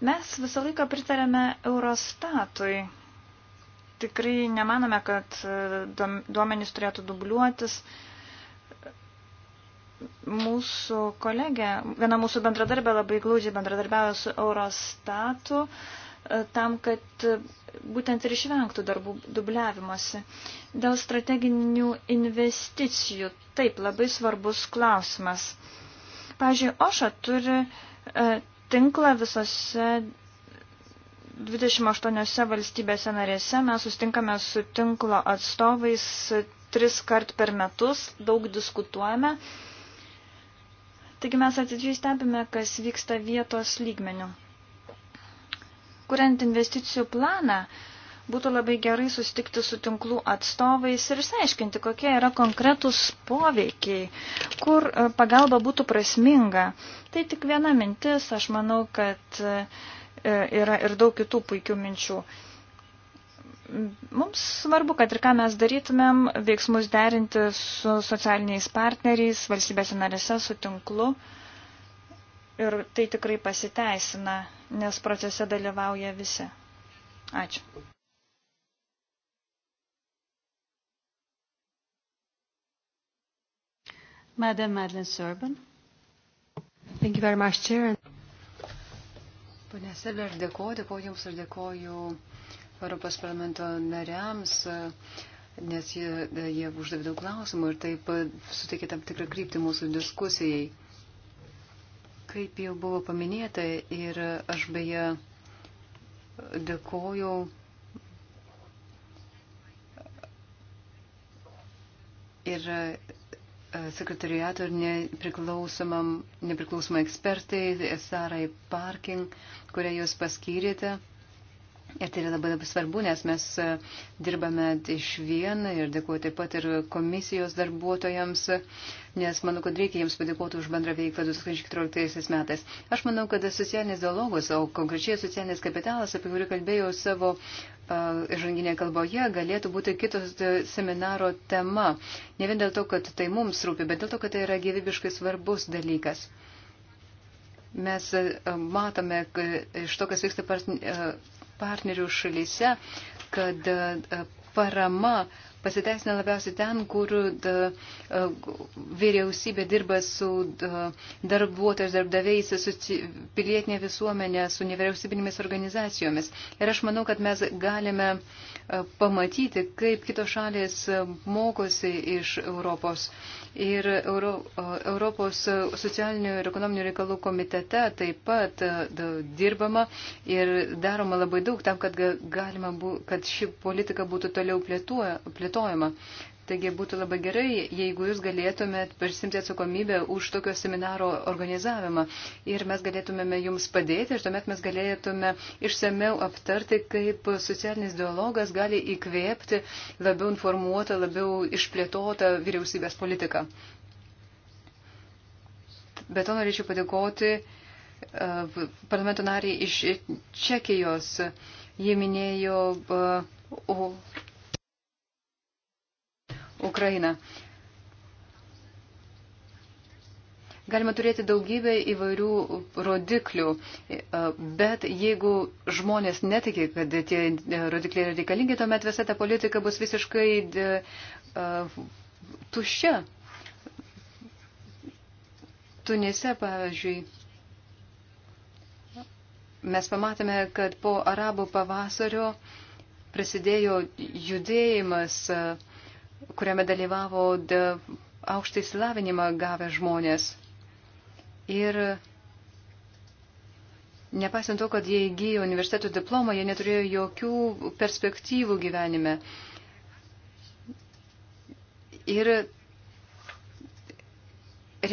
Mes visą laiką pritarėme Eurostatui. Tikrai nemanome, kad e, duomenys turėtų dubliuotis mūsų kolegė, viena mūsų bendradarbė labai glaudžiai bendradarbiavo su Eurostatu, tam, kad būtent ir išvengtų darbų dubliavimuose. Dėl strateginių investicijų taip labai svarbus klausimas. Pavyzdžiui, Oša turi e, tinklą visose 28 valstybėse narėse. Mes sustinkame su tinklo atstovais tris kart per metus, daug diskutuojame. Taigi mes atidžiai stebime, kas vyksta vietos lygmeniu kuriant investicijų planą, būtų labai gerai sustikti su tinklų atstovais ir išsiaiškinti, kokie yra konkretus poveikiai, kur e, pagalba būtų prasminga. Tai tik viena mintis, aš manau, kad e, yra ir daug kitų puikių minčių. Mums svarbu, kad ir ką mes darytumėm, veiksmus derinti su socialiniais partneriais, valstybėse narėse, su tinklu. Ir tai tikrai pasiteisina nes procese dalyvauja visi. Ačiū. Madam Madeleine Serban. Thank you very much, Chair. Pane Seller, dėkoju, dėkoju Jums ir dėkoju Europos parlamento nariams, nes jie, jie uždavė daug klausimų ir taip suteikė tam tikrą kryptį mūsų diskusijai. Kaip jau buvo paminėta ir aš beje dėkojau ir e, sekretariato ir nepriklausomai ekspertai Sarai Parking, kurią jūs paskyrėte. Ir tai yra labai labai svarbu, nes mes e, dirbame iš vien ir dėkuoju taip pat ir komisijos darbuotojams, nes manau, kad reikia jiems padėkoti už bendrą veiklą 2014 metais. Aš manau, kad socialinis dialogas, o konkrečiai socialinis kapitalas, apie kurį kalbėjau savo e, žanginėje kalboje, galėtų būti kitos e, seminaro tema. Ne vien dėl to, kad tai mums rūpi, bet dėl to, kad tai yra gyvybiškai svarbus dalykas mes matome iš to, kas vyksta partnerių šalyse, kad e, parama pasiteisina labiausiai ten, kur da, vyriausybė dirba su da, darbuotojais, darbdaviais, su pilietinė visuomenė, su nevyriausybinėmis organizacijomis. Ir aš manau, kad mes galime pamatyti, kaip kitos šalės mokosi iš Europos. Ir Euro, Europos socialinių ir ekonominių reikalų komitete taip pat da, dirbama ir daroma labai daug tam, kad, galima, bu, kad ši politika būtų toliau plėtuojama plėtojama. Taigi būtų labai gerai, jeigu jūs galėtumėt prisimti atsakomybę už tokio seminaro organizavimą ir mes galėtumėme jums padėti ir tuomet mes galėtume išsameu aptarti, kaip socialinis dialogas gali įkvėpti labiau informuotą, labiau išplėtotą vyriausybės politiką. Be to norėčiau padėkoti e, parlamento nariai iš Čekijos. Jie minėjo e, Ukrainą. Galima turėti daugybę įvairių rodiklių, e, bet jeigu žmonės netiki, kad tie e, rodikliai yra reikalingi, tuomet visa ta politika bus visiškai e, tuščia. Tunise, pavyzdžiui, mes pamatėme, kad po arabų pavasario prasidėjo judėjimas uh, kuriame dalyvavo aukštą įsilavinimą gavę žmonės. Ir nepaisant to, kad jie įgyjo universiteto diplomą, jie neturėjo jokių perspektyvų gyvenime. Ir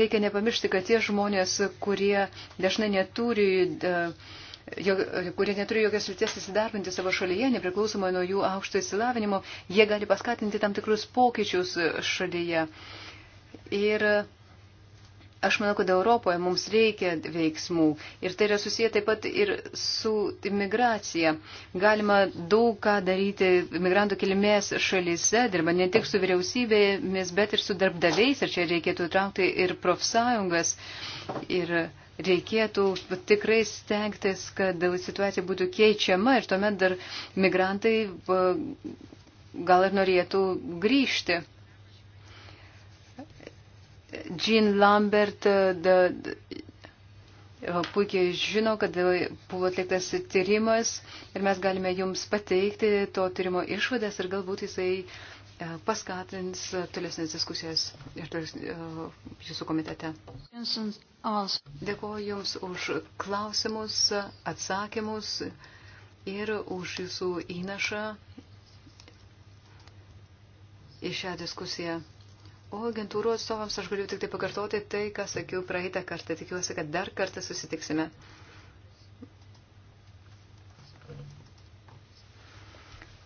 reikia nepamiršti, kad tie žmonės, kurie dažnai neturi uh, kurie neturi jokios vilties įsidarbinti savo šalyje, nepriklausomai nuo jų aukšto įsilavinimo, jie gali paskatinti tam tikrus pokyčius šalyje. Ir Aš manau, kad Europoje mums reikia veiksmų ir tai yra susiję taip pat ir su imigracija. Galima daug ką daryti imigrantų kilmės šalyse, dirba ne tik su vyriausybėmis, bet ir su darbdaviais ir čia reikėtų traukti ir profsąjungas. Ir reikėtų tikrai stengtis, kad situacija būtų keičiama ir tuomet dar migrantai gal ir norėtų grįžti. Jean Lambert da, da, puikiai žino, kad buvo atliktas tyrimas ir mes galime jums pateikti to tyrimo išvadas ir galbūt jisai uh, E, paskatins tolesnės diskusijas ir e, jūsų komitete. Dėkuoju Jums už klausimus, atsakymus ir už Jūsų įnašą į šią diskusiją. O agentūrų atstovams aš galiu tik tai pakartoti tai, ką sakiau praeitą kartą. Tikiuosi, kad dar kartą susitiksime.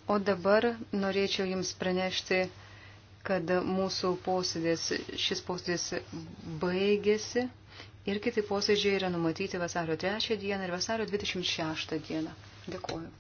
O dabar norėčiau Jums pranešti, kad mūsų posėdės, šis posėdės baigėsi ir kiti posėdžiai yra numatyti vasario 3 dieną ir vasario 26 dieną. Dėkuoju.